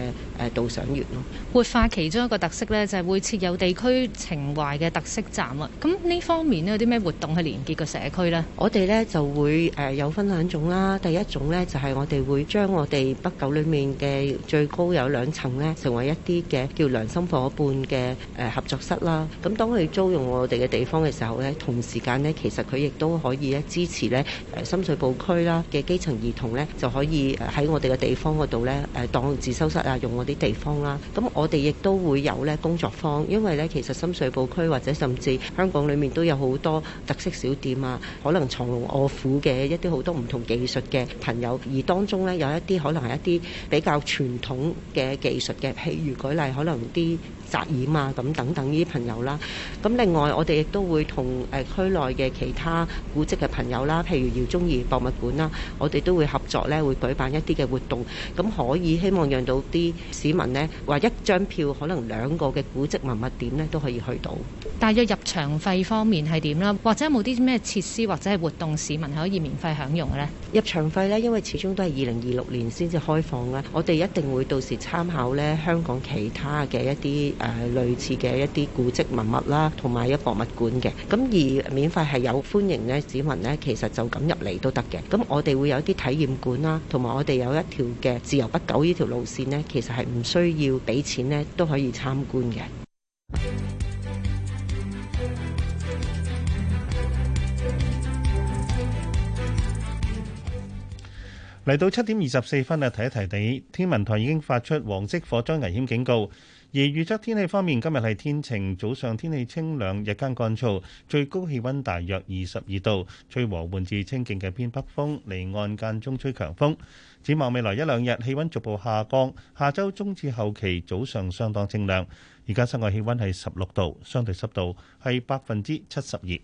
誒導賞員咯。呃、活化其中一個特色咧，就係、是、會設有地區情懷嘅特色站啊！咁呢方面咧，有啲咩活動去連結個社區咧？我哋咧就會誒有。呃我分兩種啦，第一種呢，就係、是、我哋會將我哋北九裏面嘅最高有兩層呢，成為一啲嘅叫良心夥伴嘅誒、呃、合作室啦。咁當佢租用我哋嘅地方嘅時候呢，同時間呢，其實佢亦都可以咧支持呢誒、呃、深水埗區啦嘅基層兒童呢，就可以喺我哋嘅地方嗰度呢誒當、呃、自修室啊，用我啲地方啦。咁我哋亦都會有呢工作坊，因為呢，其實深水埗區或者甚至香港裡面都有好多特色小店啊，可能藏龍臥虎嘅一啲好。好多唔同技術嘅朋友，而當中咧有一啲可能係一啲比較傳統嘅技術嘅，譬如舉例，可能啲。紮染啊，咁等等呢啲朋友啦。咁另外我哋亦都會同誒區內嘅其他古蹟嘅朋友啦，譬如姚中義博物館啦，我哋都會合作咧，會舉辦一啲嘅活動。咁可以希望讓到啲市民呢，話一張票可能兩個嘅古蹟文物點呢都可以去到。大約入場費方面係點啦？或者有冇啲咩設施或者係活動市民係可以免費享用嘅呢？入場費咧，因為始終都係二零二六年先至開放啦，我哋一定會到時參考咧香港其他嘅一啲。誒類似嘅一啲古蹟文物啦，同埋一博物館嘅。咁而免費係有歡迎呢，市民呢其實就咁入嚟都得嘅。咁我哋會有一啲體驗館啦，同埋我哋有一條嘅自由不苟呢條路線呢，其實係唔需要俾錢呢都可以參觀嘅。嚟 到七點二十四分啊，提一提你天文台已經發出黃色火災危險警告。而預測天氣方面，今日係天晴，早上天氣清涼，日間乾燥，最高氣温大約二十二度，吹和緩至清勁嘅偏北風，離岸間中吹強風。展望未來一兩日氣温逐步下降，下周中至後期早上相當清涼。而家室外氣温係十六度，相對濕度係百分之七十二。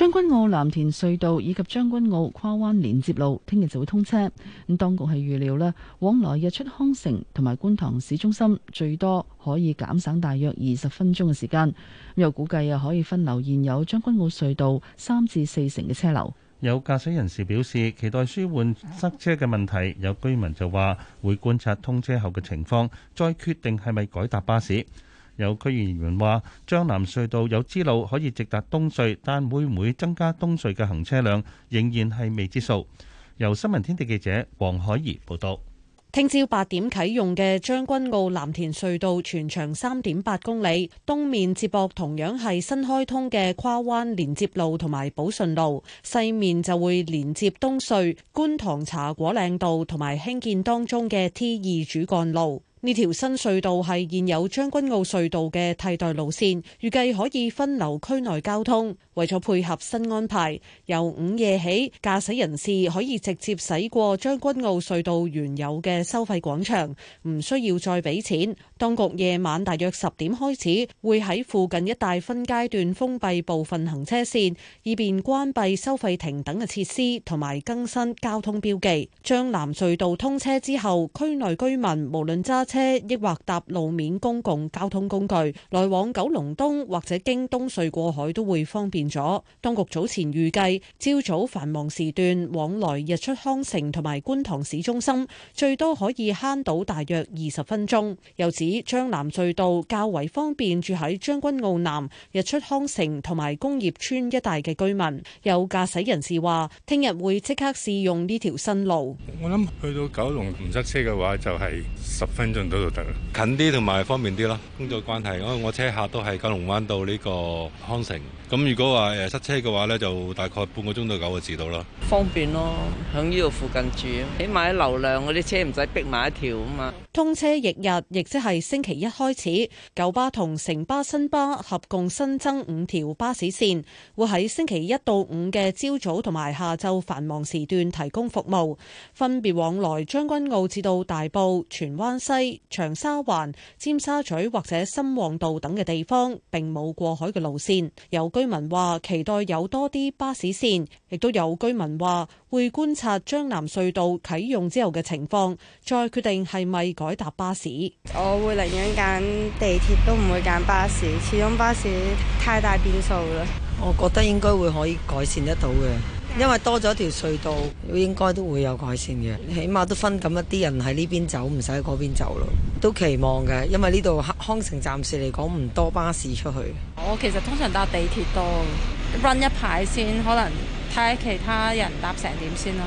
將軍澳藍田隧道以及將軍澳跨灣連接路聽日就會通車。咁當局係預料啦，往來日出康城同埋觀塘市中心最多可以減省大約二十分鐘嘅時間。又估計啊，可以分流現有將軍澳隧道三至四成嘅車流。有駕駛人士表示期待舒緩塞車嘅問題。有居民就話會觀察通車後嘅情況，再決定係咪改搭巴士。有區議員話：將藍隧道有支路可以直達東隧，但會唔會增加東隧嘅行車量，仍然係未知數。由新聞天地記者黃海怡報道。聽朝八點啟用嘅將軍澳藍田隧道，全長三點八公里，東面接駁同樣係新開通嘅跨灣連接路同埋寶順路，西面就會連接東隧、觀塘茶果嶺道同埋興建當中嘅 T 二主幹路。呢條新隧道係現有將軍澳隧道嘅替代路線，預計可以分流區內交通。為咗配合新安排，由午夜起，駕駛人士可以直接駛過將軍澳隧道原有嘅收費廣場，唔需要再俾錢。當局夜晚大約十點開始，會喺附近一帶分階段封閉部分行車線，以便關閉收費亭等嘅設施，同埋更新交通標記。將南隧道通車之後，區內居民無論揸車抑或搭路面公共交通工具，來往九龍東或者經東隧過海都會方便咗。當局早前預計，朝早繁忙時段往來日出康城同埋觀塘市中心，最多可以慳到大約二十分鐘。又指，以將南隧道較為方便住喺將軍澳南、日出康城同埋工業村一帶嘅居民。有駕駛人士話，聽日會即刻試用呢條新路。我諗去到九龍唔塞車嘅話，就係十分鐘到就得啦，近啲同埋方便啲咯。工作關係，因為我車客都係九龍灣到呢個康城。咁如果話誒塞車嘅話咧，就大概半個鐘到九個字到啦。方便咯，響呢度附近住，起碼流量啲車唔使逼埋一條啊嘛。通車翌日，亦即係星期一開始，九巴同城巴新巴合共新增五條巴士線會喺星期一到五嘅朝早同埋下晝繁忙時段提供服務，分別往來將軍澳至到大埔、荃灣西、長沙灣、尖沙咀或者深旺道等嘅地方。並冇過海嘅路線有居民話期待有多啲巴士線，亦都有居民話會觀察將藍隧道啟用之後嘅情況，再決定係咪改搭巴士。我會寧願揀地鐵，都唔會揀巴士，始終巴士太大變數啦。我覺得應該會可以改善得到嘅。因為多咗一條隧道，應該都會有改善嘅，起碼都分咁一啲人喺呢邊走，唔使喺嗰邊走咯。都期望嘅，因為呢度康城暫時嚟講唔多巴士出去。我其實通常搭地鐵多，run 一排先，可能睇下其他人搭成點先啦。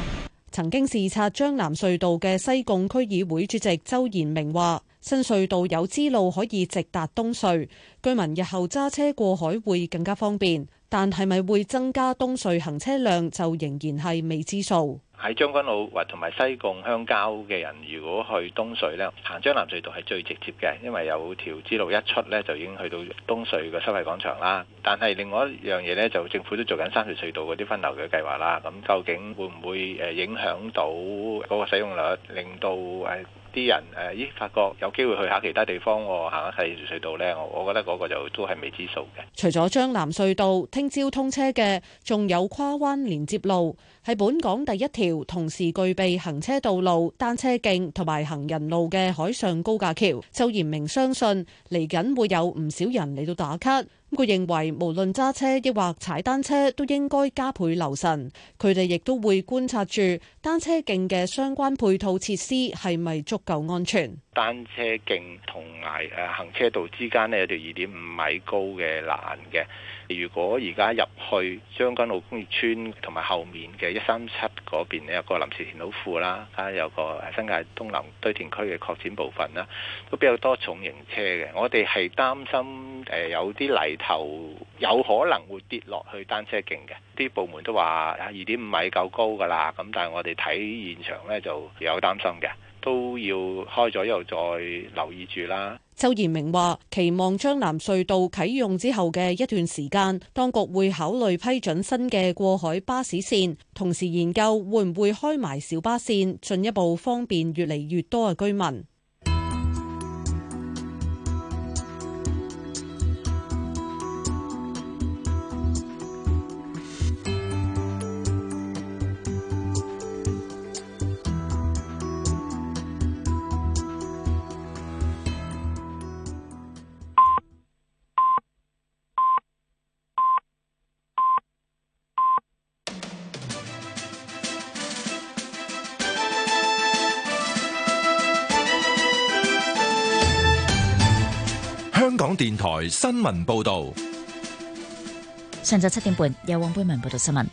曾經視察江南隧道嘅西貢區議會主席周延明話，新隧道有支路可以直達東隧，居民日後揸車過海會更加方便。但係咪會增加東隧行車量就仍然係未知數。喺將軍澳或同埋西貢鄉郊嘅人，如果去東隧呢，行將南隧道係最直接嘅，因為有條支路一出呢，就已經去到東隧嘅收費廣場啦。但係另外一樣嘢呢，就政府都做緊三條隧道嗰啲分流嘅計劃啦。咁究竟會唔會誒影響到嗰個使用率，令到誒，啲人誒，咦，發覺有機會去下其他地方，行一西隧道咧，我我覺得嗰個就都係未知數嘅。除咗將南隧道聽朝通車嘅，仲有跨灣連接路。係本港第一條同時具備行車道路，單車徑同埋行人路嘅海上高架橋。就嚴明，相信嚟緊會有唔少人嚟到打卡。佢認為無論揸車抑或踩單車都應該加倍留神。佢哋亦都會觀察住單車徑嘅相關配套設施係咪足夠安全。單車徑同埋行車道之間咧，有條二點五米高嘅欄嘅。如果而家入去將軍澳工業村同埋後面嘅一三七嗰邊呢，有個臨時填土庫啦，啊有個新界東南堆填區嘅擴展部分啦，都比較多重型車嘅。我哋係擔心誒、呃、有啲泥頭有可能會跌落去單車徑嘅。啲部門都話啊，二點五米夠高㗎啦，咁但係我哋睇現場呢，就有擔心嘅，都要開咗一路再留意住啦。周延明話：期望將南隧道啟用之後嘅一段時間，當局會考慮批准新嘅過海巴士線，同時研究會唔會開埋小巴線，進一步方便越嚟越多嘅居民。台新聞報道，上晝七點半，有黃佩文報道新聞。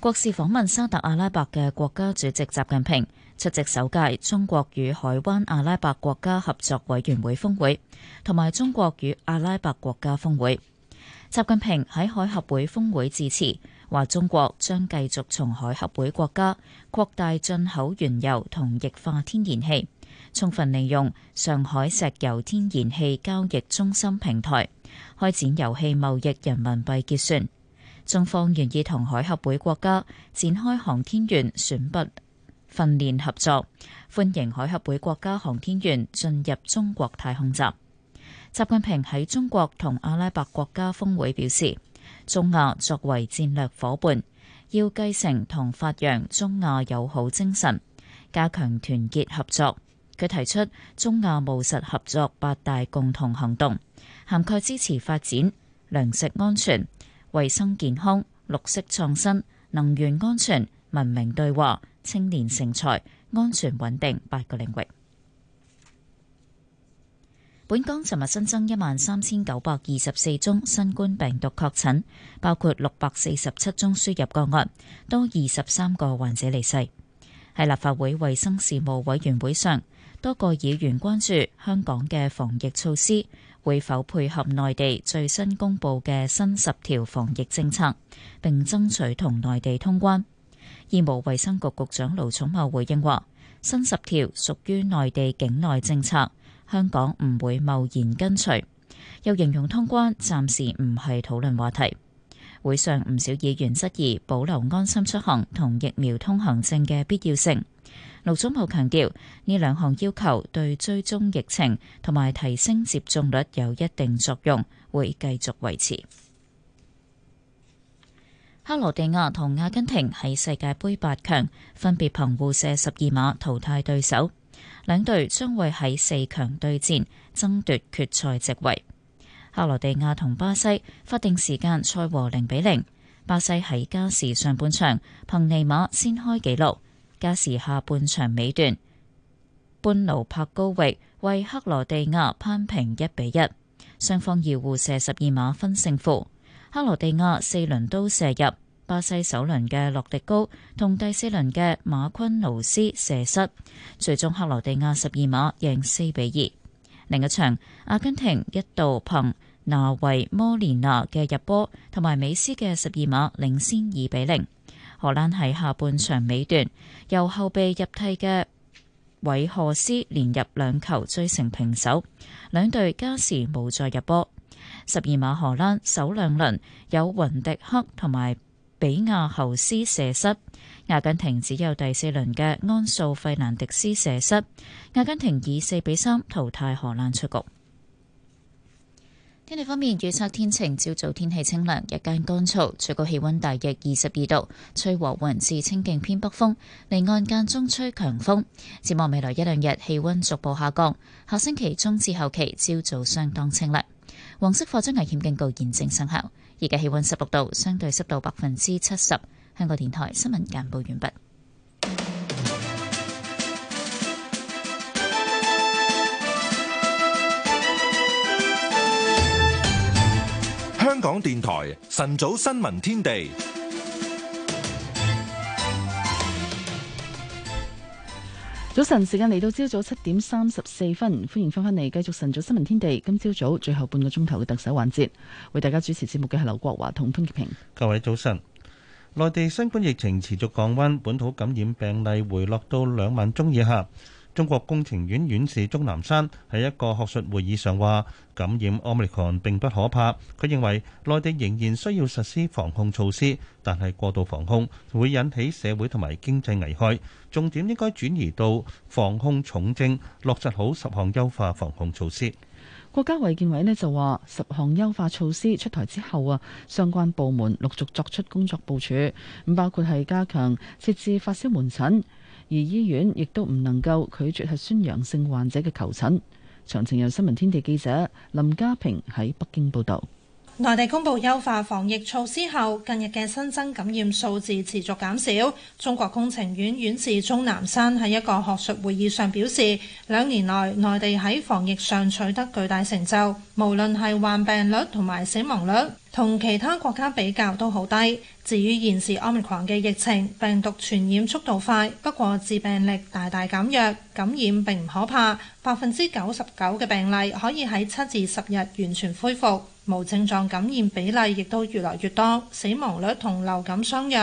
國事訪問沙特阿拉伯嘅國家主席習近平出席首屆中國與海灣阿拉伯國家合作委員會峰會同埋中國與阿拉伯國家峰會。習近平喺海合會峰會致辭，話中國將繼續從海合會國家擴大進口原油同液化天然氣。充分利用上海石油天然氣交易中心平台，開展油氣貿易人民幣結算。中方願意同海合會國家展開航天員選拔訓練合作，歡迎海合會國家航天員進入中國太空站。習近平喺中國同阿拉伯國家峰會表示，中亞作為戰略夥伴，要繼承同發揚中亞友好精神，加強團結合作。佢提出中亞務實合作八大共同行動，涵蓋支持發展、糧食安全、衛生健康、綠色創新、能源安全、文明對話、青年成才、安全穩定八個領域。本港尋日新增一萬三千九百二十四宗新冠病毒確診，包括六百四十七宗輸入個案，多二十三個患者離世。喺立法會衛生事務委員會上。多個議員關注香港嘅防疫措施會否配合內地最新公布嘅新十條防疫政策，並爭取同內地通關。醫務衛生局局長盧寵茂回應話：新十條屬於內地境內政策，香港唔會貿然跟隨。又形容通關暫時唔係討論話題。會上唔少議員質疑保留安心出行同疫苗通行證嘅必要性。盧總統強調，呢兩項要求對追蹤疫情同埋提升接種率有一定作用，會繼續維持。克羅地亞同阿根廷喺世界杯八強，分別憑互射十二碼淘汰對手，兩隊將會喺四強對戰，爭奪決賽席位。克羅地亞同巴西法定時間賽和零比零，0, 巴西喺加時上半場憑尼馬先開紀錄。加時下半場尾段，班奴柏高域為克羅地亞扳平一比一，雙方要互射十二碼分勝負。克羅地亞四輪都射入，巴西首輪嘅洛迪高同第四輪嘅馬昆奴斯射失，最終克羅地亞十二碼贏四比二。另一場，阿根廷一度憑拿維摩連拿嘅入波同埋美斯嘅十二碼領先二比零。荷蘭喺下半場尾段由後備入替嘅韋何斯連入兩球，追成平手。兩隊加時冇再入波。十二碼，荷蘭首兩輪有雲迪克同埋比亞侯斯射失，阿根廷只有第四輪嘅安素費蘭迪斯射失。阿根廷以四比三淘汰荷蘭出局。天氣方面，預測天晴，朝早天氣清涼，日間乾燥，最高氣溫大約二十二度，吹和緩至清勁偏北風，離岸間中吹強風。展望未來一兩日，氣溫逐步下降，下星期中至後期，朝早相當清涼。黃色火災危險警告現正生效，而家氣溫十六度，相對濕度百分之七十。香港電台新聞簡報完畢。香港電台晨早新聞天地，早晨時間嚟到，朝早七點三十四分，歡迎翻返嚟繼續晨早新聞天地。今朝早最後半個鐘頭嘅特首環節，為大家主持節目嘅係劉國華同潘潔平。各位早晨，內地新冠疫情持續降溫，本土感染病例回落到兩萬宗以下。中國工程院院士鐘南山喺一個學術會議上話，感染奧密克戎並不可怕。佢認為內地仍然需要實施防控措施，但係過度防控會引起社會同埋經濟危害。重點應該轉移到防控重症，落實好十項優化防控措施。國家衛健委呢就話，十項優化措施出台之後啊，相關部門陸續作出工作部署，包括係加強設置發燒門診。而醫院亦都唔能夠拒絕核酸陽性患者嘅求診。詳情由新聞天地記者林家平喺北京報道。內地公布優化防疫措施後，近日嘅新增感染數字持續減少。中國工程院院士鍾南山喺一個學術會議上表示，兩年內內地喺防疫上取得巨大成就，無論係患病率同埋死亡率，同其他國家比較都好低。至於現時奧密克嘅疫情，病毒傳染速度快，不過致病力大大減弱，感染並唔可怕。百分之九十九嘅病例可以喺七至十日完全恢復，無症狀感染比例亦都越來越多，死亡率同流感相若。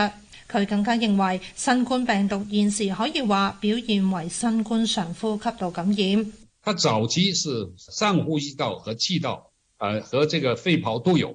佢更加認為新冠病毒現時可以話表現為新冠上呼吸道感染。他早期是上呼吸道和氣道，呃，和這個肺泡都有。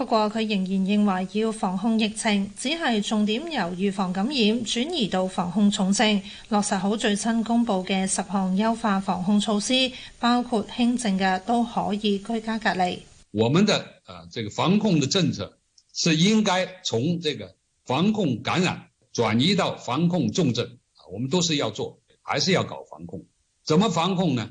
不過佢仍然認為要防控疫情，只係重點由預防感染轉移到防控重症，落實好最新公布嘅十項優化防控措施，包括輕症嘅都可以居家隔離。我們的啊，這個防控的政策是應該從這個防控感染轉移到防控重症啊，我們都是要做，還是要搞防控，怎麼防控呢？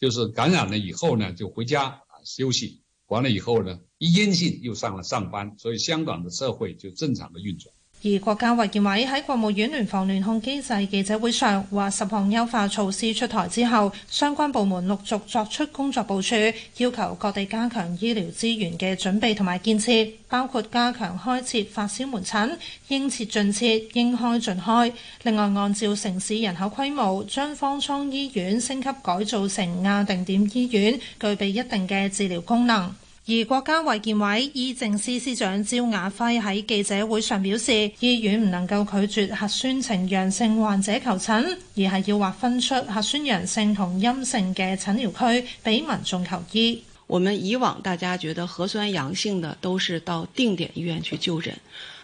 就是感染了以後呢，就回家啊休息，完了以後呢，一陰性又上了上班，所以香港的社會就正常的運轉。而國家衛健委喺國務院聯防聯控機制記者會上話，十項優化措施出台之後，相關部門陸續作出工作部署，要求各地加強醫療資源嘅準備同埋建設，包括加強開設發燒門診，應設盡設，應開盡開，另外，按照城市人口規模，將方艙醫院升級改造成亞定點醫院，具備一定嘅治療功能。而國家衛健委醫政司司長焦雅輝喺記者會上表示，醫院唔能夠拒絕核酸呈陽性患者求診，而係要劃分出核酸陽性同陰性嘅診療區俾民眾求醫。我們以往大家覺得核酸陽性的都是到定點醫院去就診，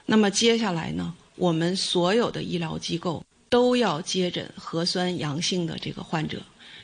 那麼接下來呢，我們所有的醫療機構都要接診核酸陽性的這個患者。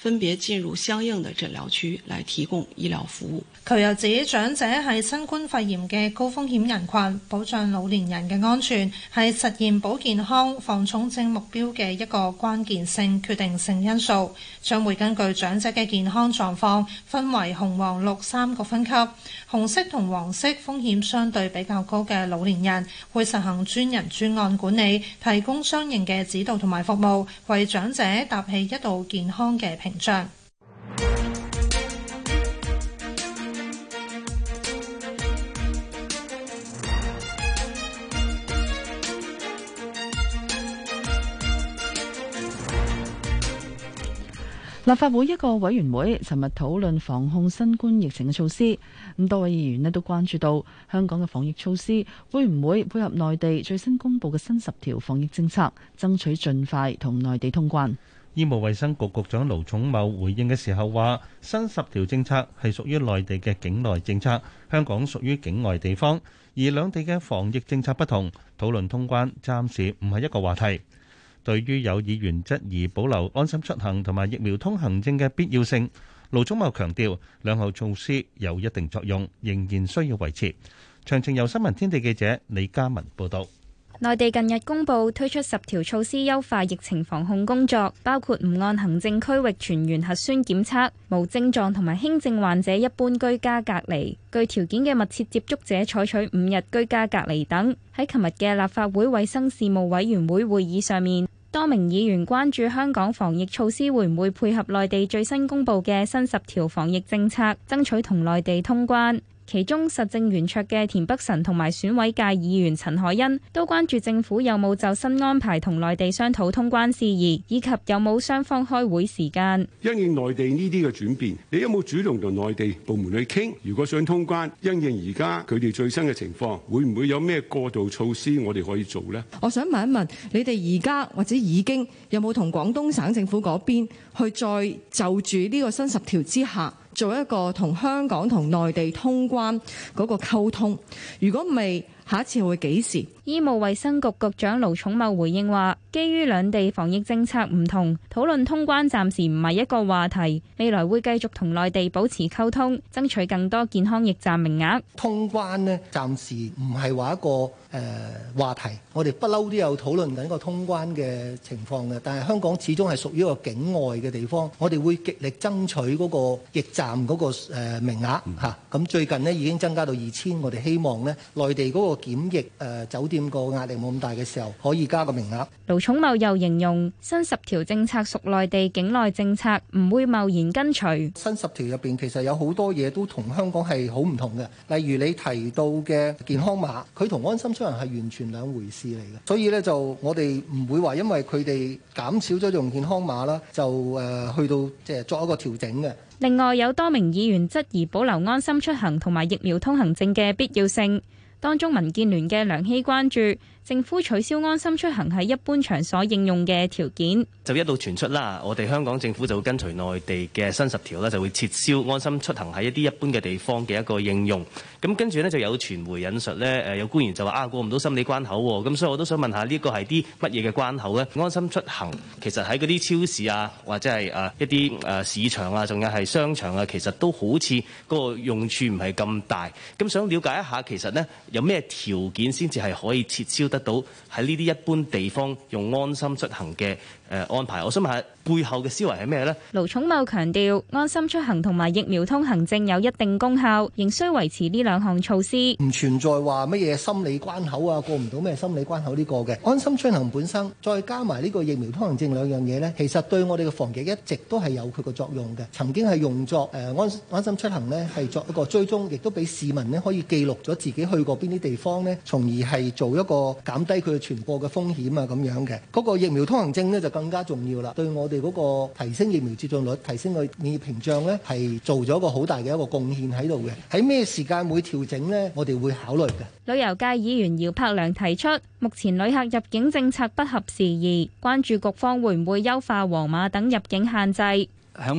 分別進入相應的診療區來提供醫療服務。佢又指長者係新冠肺炎嘅高風險人群，保障老年人嘅安全係實現保健康、防重症目標嘅一個關鍵性決定性因素。將會根據長者嘅健康狀況分為紅黃綠三個分級，紅色同黃色風險相對比較高嘅老年人，會實行專人專案管理，提供相應嘅指導同埋服務，為長者搭起一道健康嘅屏障。立法會一個委員會尋日討論防控新冠疫情嘅措施，咁多位議員呢都關注到香港嘅防疫措施會唔會配合內地最新公布嘅新十條防疫政策，爭取盡快同內地通關。醫務衛生局局長盧寵茂回應嘅時候話，新十條政策係屬於內地嘅境內政策，香港屬於境外地方，而兩地嘅防疫政策不同，討論通關暫時唔係一個話題。對於有議員質疑保留安心出行同埋疫苗通行證嘅必要性，盧寵茂強調兩項措施有一定作用，仍然需要維持。詳情由新聞天地記者李嘉文報道。內地近日公布推出十條措施，優化疫情防控工作，包括唔按行政區域全員核酸檢測、無症狀同埋輕症患者一般居家隔離、具條件嘅密切接觸者採取五日居家隔離等。喺琴日嘅立法會衞生事務委員會會議上面，多名議員關注香港防疫措施會唔會配合內地最新公布嘅新十條防疫政策，爭取同內地通關。其中，實政圓桌嘅田北辰同埋選委界議員陳凱欣都關注政府有冇就新安排同內地商討通關事宜，以及有冇雙方開會時間。因應內地呢啲嘅轉變，你有冇主動同內地部門去傾？如果想通關，因應而家佢哋最新嘅情況，會唔會有咩過渡措施我哋可以做呢？我想問一問你哋而家或者已經有冇同廣東省政府嗰邊去再就住呢個新十條之下？做一個同香港同內地通關嗰個溝通，如果未。下一次會幾時？醫務衛生局局長盧寵茂回應話，基於兩地防疫政策唔同，討論通關暫時唔係一個話題。未來會繼續同內地保持溝通，爭取更多健康驛站名額。通關呢，暫時唔係話一個誒、呃、話題。我哋不嬲都有討論緊個通關嘅情況嘅。但係香港始終係屬於一個境外嘅地方，我哋會極力爭取嗰個驛站嗰、那個、呃、名額嚇。咁、啊、最近呢已經增加到二千，我哋希望呢內地嗰、那個。檢疫誒酒店個壓力冇咁大嘅時候，可以加個名額。盧寵茂又形容新十條政策屬內地境內政策，唔會貿然跟隨新十條入邊。其實有好多嘢都同香港係好唔同嘅，例如你提到嘅健康碼，佢同安心出行係完全兩回事嚟嘅。所以呢，就我哋唔會話因為佢哋減少咗用健康碼啦，就誒去到即係作一個調整嘅。另外有多名議員質疑保留安心出行同埋疫苗通行證嘅必要性。當中，民建聯嘅梁熙關注。政府取消安心出行喺一般場所應用嘅條件，就一度傳出啦，我哋香港政府就會跟隨內地嘅新十條啦，就會撤銷安心出行喺一啲一般嘅地方嘅一個應用。咁跟住咧就有傳媒引述咧，誒有官員就話啊，過唔到心理關口咁，所以我都想問下呢個係啲乜嘢嘅關口咧？安心出行其實喺嗰啲超市啊，或者係誒一啲誒市場啊，仲有係商場啊，其實都好似個用處唔係咁大。咁想了解一下，其實咧有咩條件先至係可以撤銷得？得到喺呢啲一般地方用安心出行嘅。誒、呃、安排，我想問下背後嘅思維係咩咧？盧寵茂強調安心出行同埋疫苗通行證有一定功效，仍需維持呢兩項措施。唔存在話乜嘢心理關口啊，過唔到咩心理關口呢個嘅安心出行本身，再加埋呢個疫苗通行證兩樣嘢咧，其實對我哋嘅防疫一直都係有佢嘅作用嘅。曾經係用作誒、呃、安安心出行咧，係作一個追蹤，亦都俾市民咧可以記錄咗自己去過邊啲地方咧，從而係做一個減低佢嘅傳播嘅風險啊咁樣嘅。嗰、那個疫苗通行證咧就是。更加重要啦，對我哋嗰個提升疫苗接種率、提升個免疫屏障咧，係做咗一個好大嘅一個貢獻喺度嘅。喺咩時間會調整咧？我哋會考慮嘅。旅遊界議員姚柏良提出，目前旅客入境政策不合時宜，關注局方會唔會優化黃碼等入境限制。喺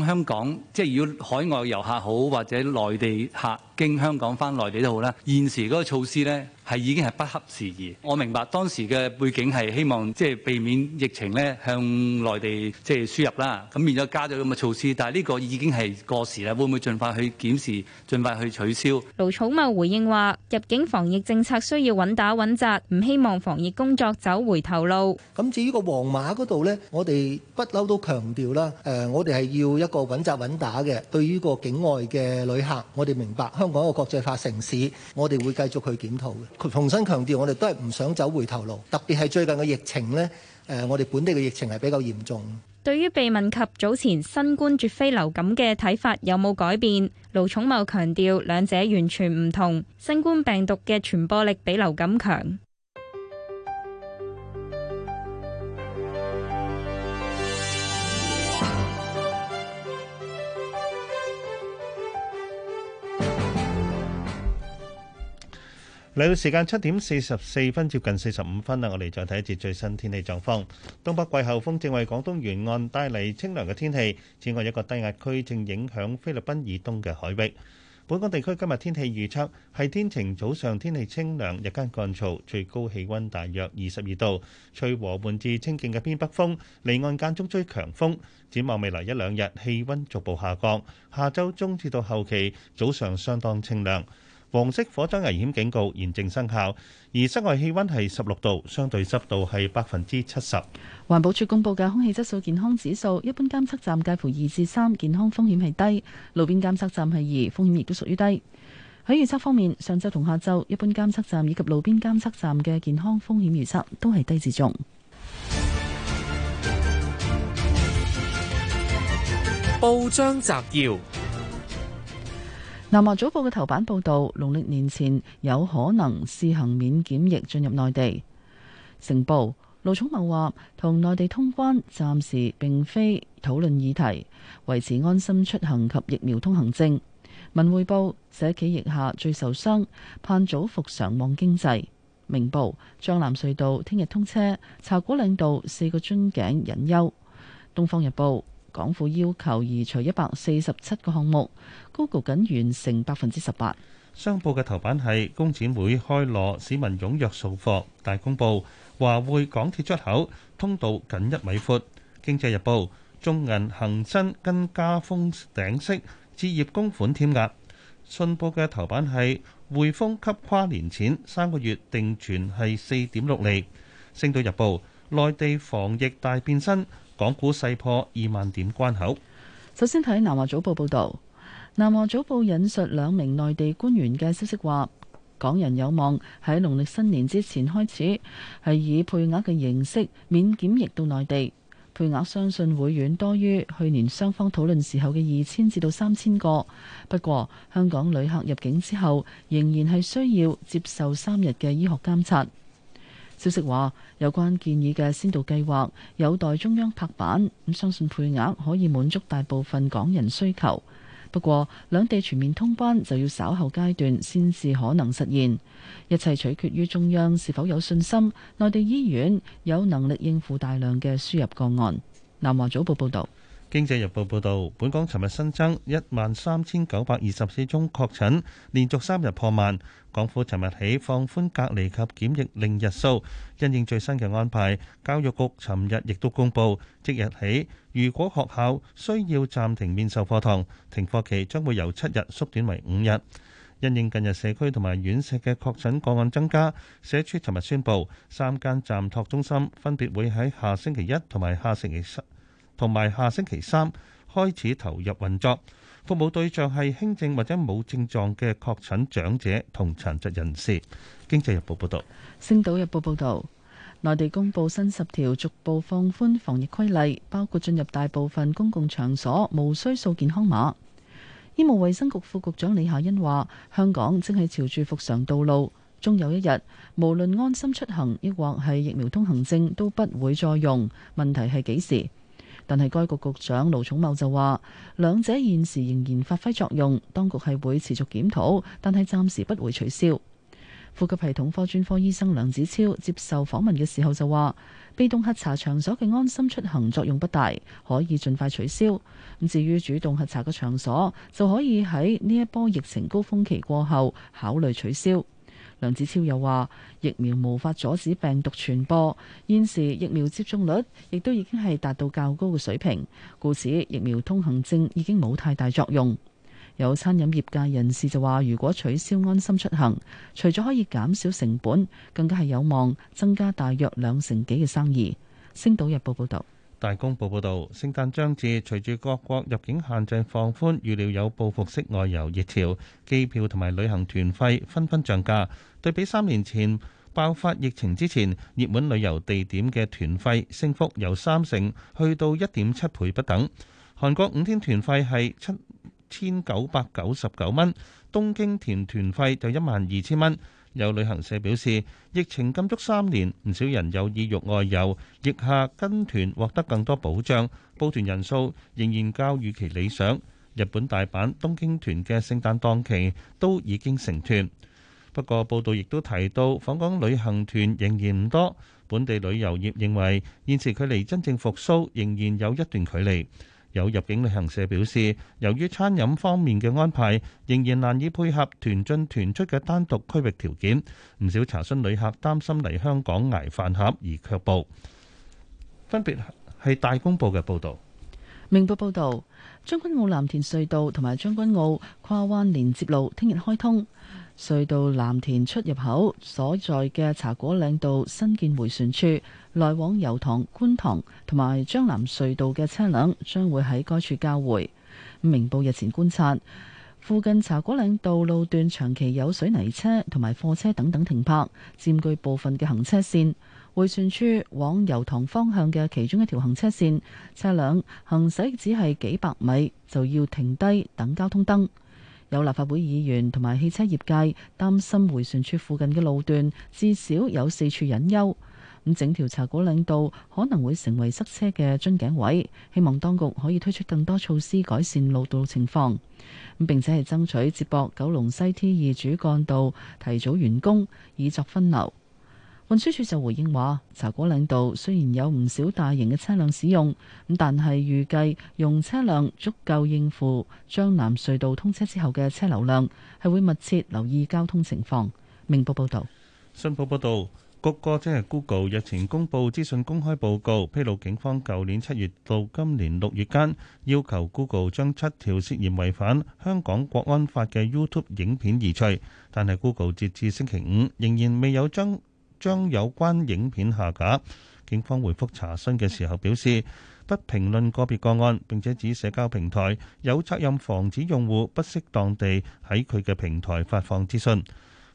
香港，即係如果海外遊客好，或者內地客經香港返內地都好咧，現時嗰個措施咧，係已經係不合時宜。我明白當時嘅背景係希望即係避免疫情咧向內地即係輸入啦。咁變咗加咗咁嘅措施，但係呢個已經係過時啦。會唔會盡快去檢視，盡快去取消？盧草茂回應話：入境防疫政策需要穩打穩紮，唔希望防疫工作走回頭路。咁至於個皇馬嗰度呢，我哋不嬲都強調啦。誒，我哋係要一個穩紮穩打嘅。對於個境外嘅旅客，我哋明白香港一個國際化城市，我哋會繼續去檢討嘅。佢重新強調，我哋都係唔想走回頭路，特別係最近嘅疫情咧。誒，我哋本地嘅疫情係比較嚴重。對於被問及早前新冠絕非流感嘅睇法有冇改變，盧寵茂強調兩者完全唔同，新冠病毒嘅傳播力比流感強。嚟到時間七點四十四分，接近四十五分啦。我哋再睇一次最新天氣狀況。東北季候風正為廣東沿岸帶嚟清涼嘅天氣，此外，一個低壓區正影響菲律賓以東嘅海域。本港地區今日天，天氣預測係天晴，早上天氣清涼，日間乾燥，最高氣溫大約二十二度，吹和緩至清勁嘅偏北風，離岸間中吹強風。展望未來一兩日，氣溫逐步下降。下周中至到後期早上相當清涼。黃色火災危險警告現正生效，而室外氣溫係十六度，相對濕度係百分之七十。環保署公布嘅空氣質素健康指數，一般監測站介乎二至三，健康風險係低；路邊監測站係二，風險亦都屬於低。喺預測方面，上周同下周，一般監測站以及路邊監測站嘅健康風險預測都係低至中。報章摘要。南華早報嘅頭版報道，農曆年前有可能試行免檢疫進入內地。成報盧寵茂話，同內地通關暫時並非討論議題，維持安心出行及疫苗通行證。文匯報社企疫下最受傷，盼早復常旺經濟。明報將藍隧道聽日通車，茶果嶺道四個樽頸隱憂。東方日報。港府要求移除一百四十七個項目，Google 僅完成百分之十八。商報嘅頭版係工展會開鑼，市民踴躍掃貨。大公報華匯港鐵出口通道僅一米闊。經濟日報中銀恒生跟加封頂息，置業供款添壓。信報嘅頭版係匯豐給跨年錢，三個月定存係四點六釐。星島日報內地防疫大變身。港股勢破二萬點關口。首先睇南華早報報導，南華早報引述兩名內地官員嘅消息話，港人有望喺農曆新年之前開始係以配額嘅形式免檢疫到內地。配額相信會遠多於去年雙方討論時候嘅二千至到三千個。不過，香港旅客入境之後仍然係需要接受三日嘅醫學監察。消息話，有關建議嘅先導計劃有待中央拍板，咁相信配額可以滿足大部分港人需求。不過，兩地全面通關就要稍後階段先至可能實現，一切取決於中央是否有信心，內地醫院有能力應付大量嘅輸入個案。南華早報報道。《經濟日報》報導，本港尋日新增一萬三千九百二十四宗確診，連續三日破萬。港府尋日起放寬隔離及檢疫令日數，因應最新嘅安排。教育局尋日亦都公佈，即日起如果學校需要暫停面授課堂，停課期將會由七日縮短為五日。因應近日社區同埋院舍嘅確診個案增加，社區尋日宣布三間暫托中心分別會喺下星期一同埋下星期三。同埋，下星期三開始投入運作，服務對象係輕症或者冇症狀嘅確診長者同殘疾人士。經濟日報報道，星島日報報道，內地公布新十條逐步放寬防疫規例，包括進入大部分公共場所無需掃健康碼。醫務衛生局副局長李夏欣話香港正係朝住復常道路，終有一日，無論安心出行，抑或係疫苗通行證都不會再用。問題係幾時？但係，該局局長盧寵茂就話，兩者現時仍然發揮作用，當局係會持續檢討，但係暫時不會取消。呼吸系統科專科醫生梁子超接受訪問嘅時候就話，被動核查場所嘅安心出行作用不大，可以儘快取消。咁至於主動核查嘅場所，就可以喺呢一波疫情高峰期過後考慮取消。梁子超又話：疫苗無法阻止病毒傳播，現時疫苗接種率亦都已經係達到較高嘅水平，故此疫苗通行證已經冇太大作用。有餐飲業界人士就話：如果取消安心出行，除咗可以減少成本，更加係有望增加大約兩成幾嘅生意。星島日報報道。大公報報導，聖誕將至，隨住各國入境限制放寬，預料有報復式外遊熱潮，機票同埋旅行團費紛紛漲價。對比三年前爆發疫情之前，熱門旅遊地點嘅團費升幅由三成去到一點七倍不等。韓國五天團費係七千九百九十九蚊，東京團團費就一萬二千蚊。有旅行社表示，疫情禁足三年，唔少人有意欲外遊，疫下跟團獲得更多保障，報團人數仍然較預期理想。日本大阪、東京團嘅聖誕檔期都已經成團。不過報道亦都提到，訪港旅行團仍然唔多。本地旅遊業認為現時距離真正復甦仍然有一段距離。有入境旅行社表示，由於餐飲方面嘅安排仍然難以配合團進團出嘅單獨區域條件，唔少查詢旅客擔心嚟香港捱飯盒而卻步。分別係大公報嘅報導，明報報導，將軍澳藍田隧道同埋將軍澳跨灣連接路聽日開通。隧道藍田出入口所在嘅茶果嶺道新建回旋處，來往油塘、觀塘同埋將藍隧道嘅車輛將會喺該處交匯。明報日前觀察，附近茶果嶺道路段長期有水泥車同埋貨車等等停泊，佔據部分嘅行車線。回旋處往油塘方向嘅其中一條行車線，車輛行駛只係幾百米就要停低等交通燈。有立法會議員同埋汽車業界擔心迴旋處附近嘅路段至少有四處隱憂，咁整條茶果嶺道可能會成為塞車嘅樽頸位。希望當局可以推出更多措施改善路道路情況，咁並且係爭取接駁九龍西 T 二主幹道提早完工，以作分流。運輸署就回應話：茶果嶺道雖然有唔少大型嘅車輛使用，咁但係預計用車輛足夠應付將南隧道通車之後嘅車流量，係會密切留意交通情況。明報報導，新報報導，谷歌即係 Google 日前公佈資訊公開報告，披露警方舊年七月到今年六月間要求 Google 將七條涉嫌違反香港國安法嘅 YouTube 影片移除，但係 Google 截至星期五仍然未有將，將有關影片下架。警方回覆查詢嘅時候表示，不評論個別個案，並且指社交平台有責任防止用戶不適當地喺佢嘅平台發放資訊。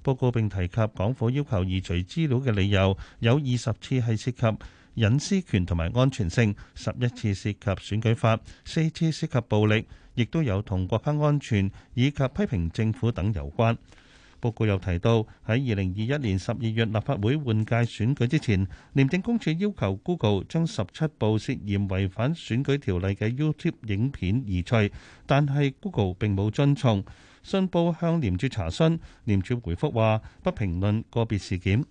報告並提及港府要求移除資料嘅理由，有二十次係涉及隱私權同埋安全性，十一次涉及選舉法，四次涉及暴力，亦都有同國家安全以及批評政府等有關。報告又提到，喺二零二一年十二月立法會換屆選舉之前，廉政公署要求 Google 將十七部涉嫌違反選舉條例嘅 YouTube 影片移除，但係 Google 並冇遵從。信報向廉署查詢，廉署回覆話不評論個別事件。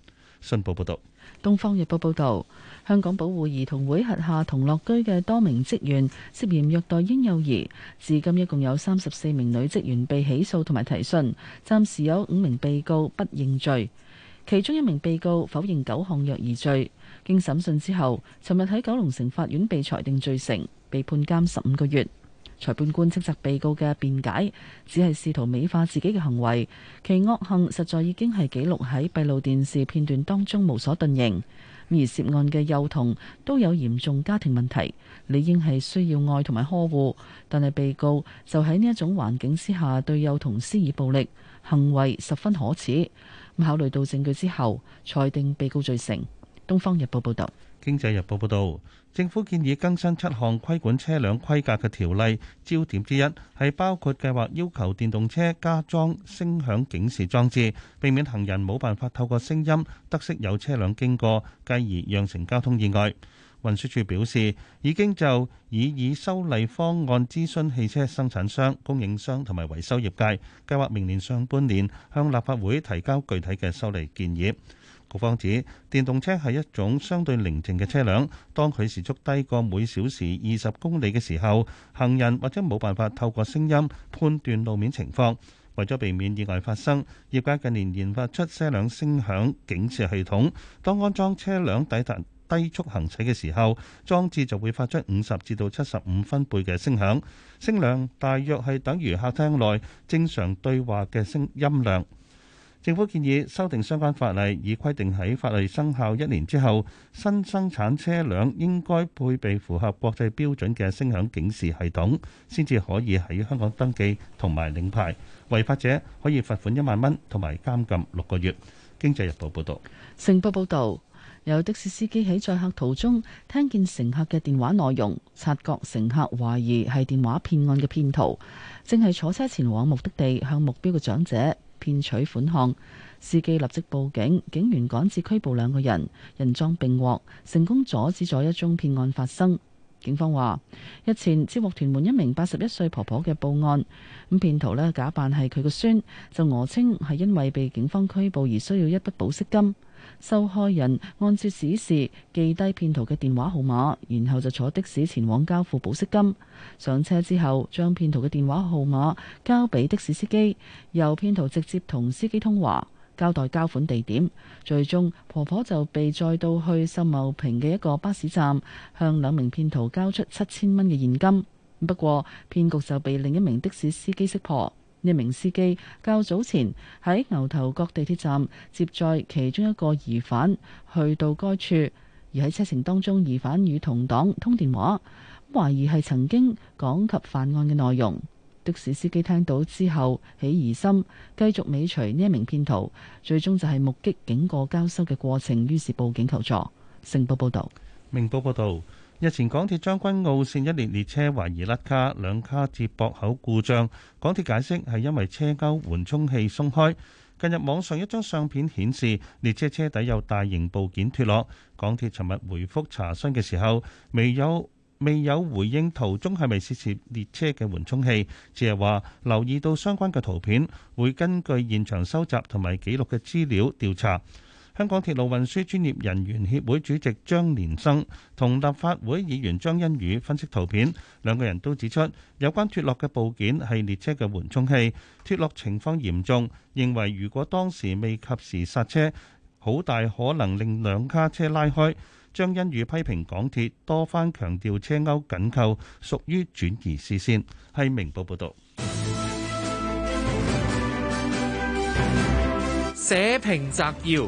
信報報道。東方日報報道，香港保護兒童會轄下同樂居嘅多名職員涉嫌虐待嬰幼兒，至今一共有三十四名女職員被起訴同埋提訊，暫時有五名被告不認罪，其中一名被告否認九項虐兒罪，經審訊之後，尋日喺九龍城法院被裁定罪成，被判監十五個月。裁判官斥責被告嘅辯解，只係試圖美化自己嘅行為，其惡行實在已經係記錄喺閉路電視片段當中無所遁形。而涉案嘅幼童都有嚴重家庭問題，理應係需要愛同埋呵護，但係被告就喺呢一種環境之下對幼童施以暴力，行為十分可恥。考慮到證據之後，裁定被告罪成。東方日報報道，經濟日報報道。政府建議更新七項規管車輛規格嘅條例，焦點之一係包括計劃要求電動車加裝聲響警示裝置，避免行人冇辦法透過聲音得悉有車輛經過，繼而釀成交通意外。運輸署表示，已經就已以，以修例方案諮詢汽車生產商、供應商同埋維修業界，計劃明年上半年向立法會提交具體嘅修例建議。警方指，電動車係一種相對寧靜嘅車輛。當佢時速低過每小時二十公里嘅時候，行人或者冇辦法透過聲音判斷路面情況。為咗避免意外發生，業界近年研發出車輛聲響警示系統。當安裝車輛抵達低速行駛嘅時候，裝置就會發出五十至到七十五分貝嘅聲響，聲量大約係等於客廳內正常對話嘅聲音量。政府建議修訂相關法例，以規定喺法例生效一年之後，新生產車輛應該配備符合國際標準嘅聲響警示系統，先至可以喺香港登記同埋領牌。違法者可以罰款一萬蚊同埋監禁六個月。經濟日報報道。成報報道，有的士司機喺載客途中聽見乘客嘅電話內容，察覺乘客懷疑係電話騙案嘅騙徒，正係坐車前往目的地向目標嘅長者，騙取款項，司機立即報警，警員趕至拘捕兩個人，人贓並獲，成功阻止咗一宗騙案發生。警方話，日前接獲屯門一名八十一歲婆婆嘅報案，咁騙徒呢，假扮係佢個孫，就訛稱係因為被警方拘捕而需要一筆保釋金。受害人按照指示記低騙徒嘅電話號碼，然後就坐的士前往交付保釋金。上車之後，將騙徒嘅電話號碼交俾的士司機，由騙徒直接同司機通話，交代交款地點。最終婆婆就被載到去秀茂坪嘅一個巴士站，向兩名騙徒交出七千蚊嘅現金。不過騙局就被另一名的士司機識破。一名司機較早前喺牛頭角地鐵站接載其中一個疑犯去到該處，而喺車程當中，疑犯與同黨通電話，懷疑係曾經講及犯案嘅內容。的士司機聽到之後起疑心，繼續尾隨呢一名騙徒，最終就係目擊警過交收嘅過程，於是報警求助。成報報道，明報報道。日前港鐵將軍澳線一列列車懷疑甩卡，兩卡接駁口故障。港鐵解釋係因為車鈎緩衝器鬆開。近日網上一張相片顯示列車車底有大型部件脫落。港鐵尋日回覆查詢嘅時候，未有未有回應途中係咪涉涉列車嘅緩衝器。只係話留意到相關嘅圖片，會根據現場收集同埋記錄嘅資料調查。香港鐵路運輸專業人員協會主席張連生同立法會議員張欣宇分析圖片，兩個人都指出有關脫落嘅部件係列車嘅緩衝器，脫落情況嚴重，認為如果當時未及時剎車，好大可能令兩卡車拉開。張欣宇批評港鐵多番強調車鈎緊扣屬於轉移視線，係明報報道。社評摘要。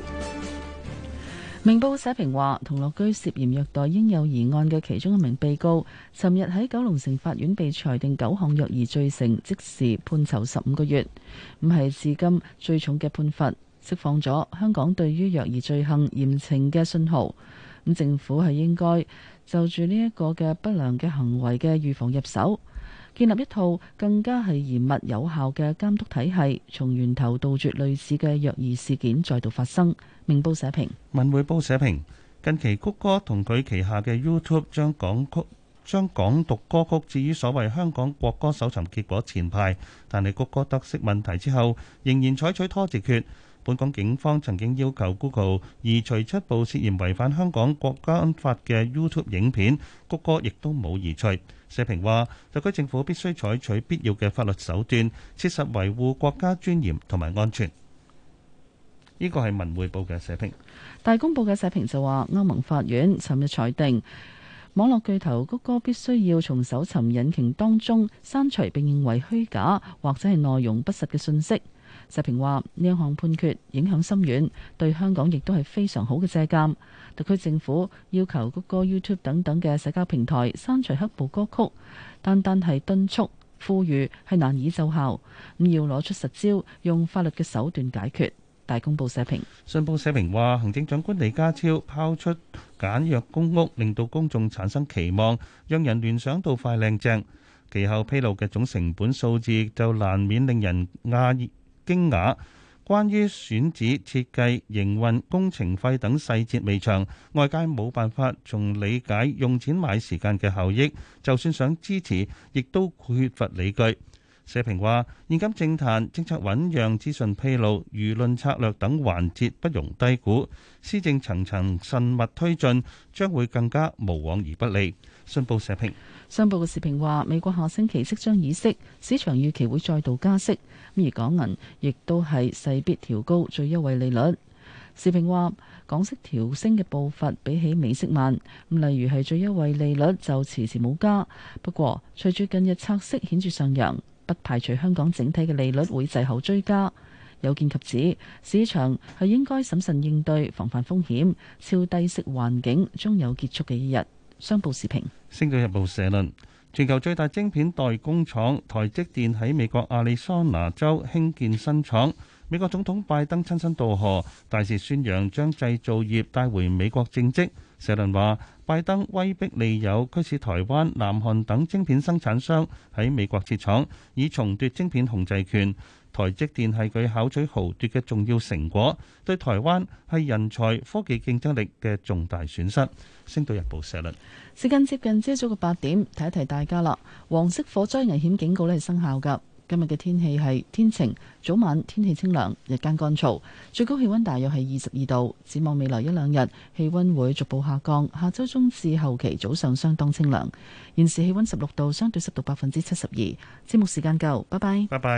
明報社評話，同樂居涉嫌虐待嬰幼兒案嘅其中一名被告，尋日喺九龍城法院被裁定九項虐兒罪成，即時判囚十五個月，咁係至今最重嘅判罰，釋放咗香港對於虐兒罪行嚴懲嘅信號。咁政府係應該就住呢一個嘅不良嘅行為嘅預防入手。建立一套更加係嚴密有效嘅監督體系，從源頭杜絕類似嘅虐兒事件再度發生。明報社評、文匯報社評，近期谷歌同佢旗下嘅 YouTube 將港曲將港獨歌曲置於所謂香港國歌搜尋結果前排，但係谷歌得悉問題之後，仍然採取拖字訣。本港警方曾經要求 Google 移除七部涉嫌違反香港國家安法嘅 YouTube 影片，谷歌亦都冇移除。社評話：特區政府必須採取必要嘅法律手段，切實維護國家尊嚴同埋安全。呢個係文匯報嘅社評。大公報嘅社評就話：歐盟法院尋日裁定，網絡巨頭谷歌必須要從搜尋引擎當中刪除並認為虛假或者係內容不實嘅信息。社評話，呢一項判決影響深遠，對香港亦都係非常好嘅借鑒。特區政府要求谷歌、YouTube 等等嘅社交平台刪除黑暴歌曲，單單係敦促、呼籲係難以奏效。咁要攞出實招，用法律嘅手段解決。大公報社評。信報社評話，行政長官李家超拋出簡約公屋，令到公眾產生期望，讓人聯想到快靚正，其後披露嘅總成本數字就難免令人壓抑驚訝，關於選址、設計、營運工程費等細節未詳，外界冇辦法從理解用錢買時間嘅效益。就算想支持，亦都缺乏理據。社評話：現今政壇政策醞釀、資訊披露、輿論策略等環節不容低估，施政層層慎密推進，將會更加無往而不利。信報社評。上報嘅時評話，美國下星期即將議息，市場預期會再度加息，而港銀亦都係勢必調高最優惠利率。時評話，港息調升嘅步伐比起美息慢，咁例如係最優惠利率就遲遲冇加。不過隨住近日拆息顯著上揚，不排除香港整體嘅利率會滯後追加。有見及此，市場係應該審慎應對，防範風險。超低息環境終有結束嘅一日。商報視頻，星島日報社論。全球最大晶片代工廠台積電喺美國亞利桑拿州興建新廠，美國總統拜登親身渡河，大肆宣揚將製造業帶回美國政績。社論話，拜登威逼利誘，驅使台灣、南韓等晶片生產商喺美國設廠，以重奪晶片控制權。台積電係佢考取豪奪嘅重要成果，對台灣係人才科技競爭力嘅重大損失。星島日報社論。時間接近朝早嘅八點，提一提大家啦。黃色火災危險警告咧係生效噶。今日嘅天氣係天晴，早晚天氣清涼，日間乾燥，最高氣溫大約係二十二度。展望未來一兩日，氣溫會逐步下降。下周中至後期早上相當清涼。現時氣溫十六度，相對濕度百分之七十二。節目時間夠，拜拜。拜拜。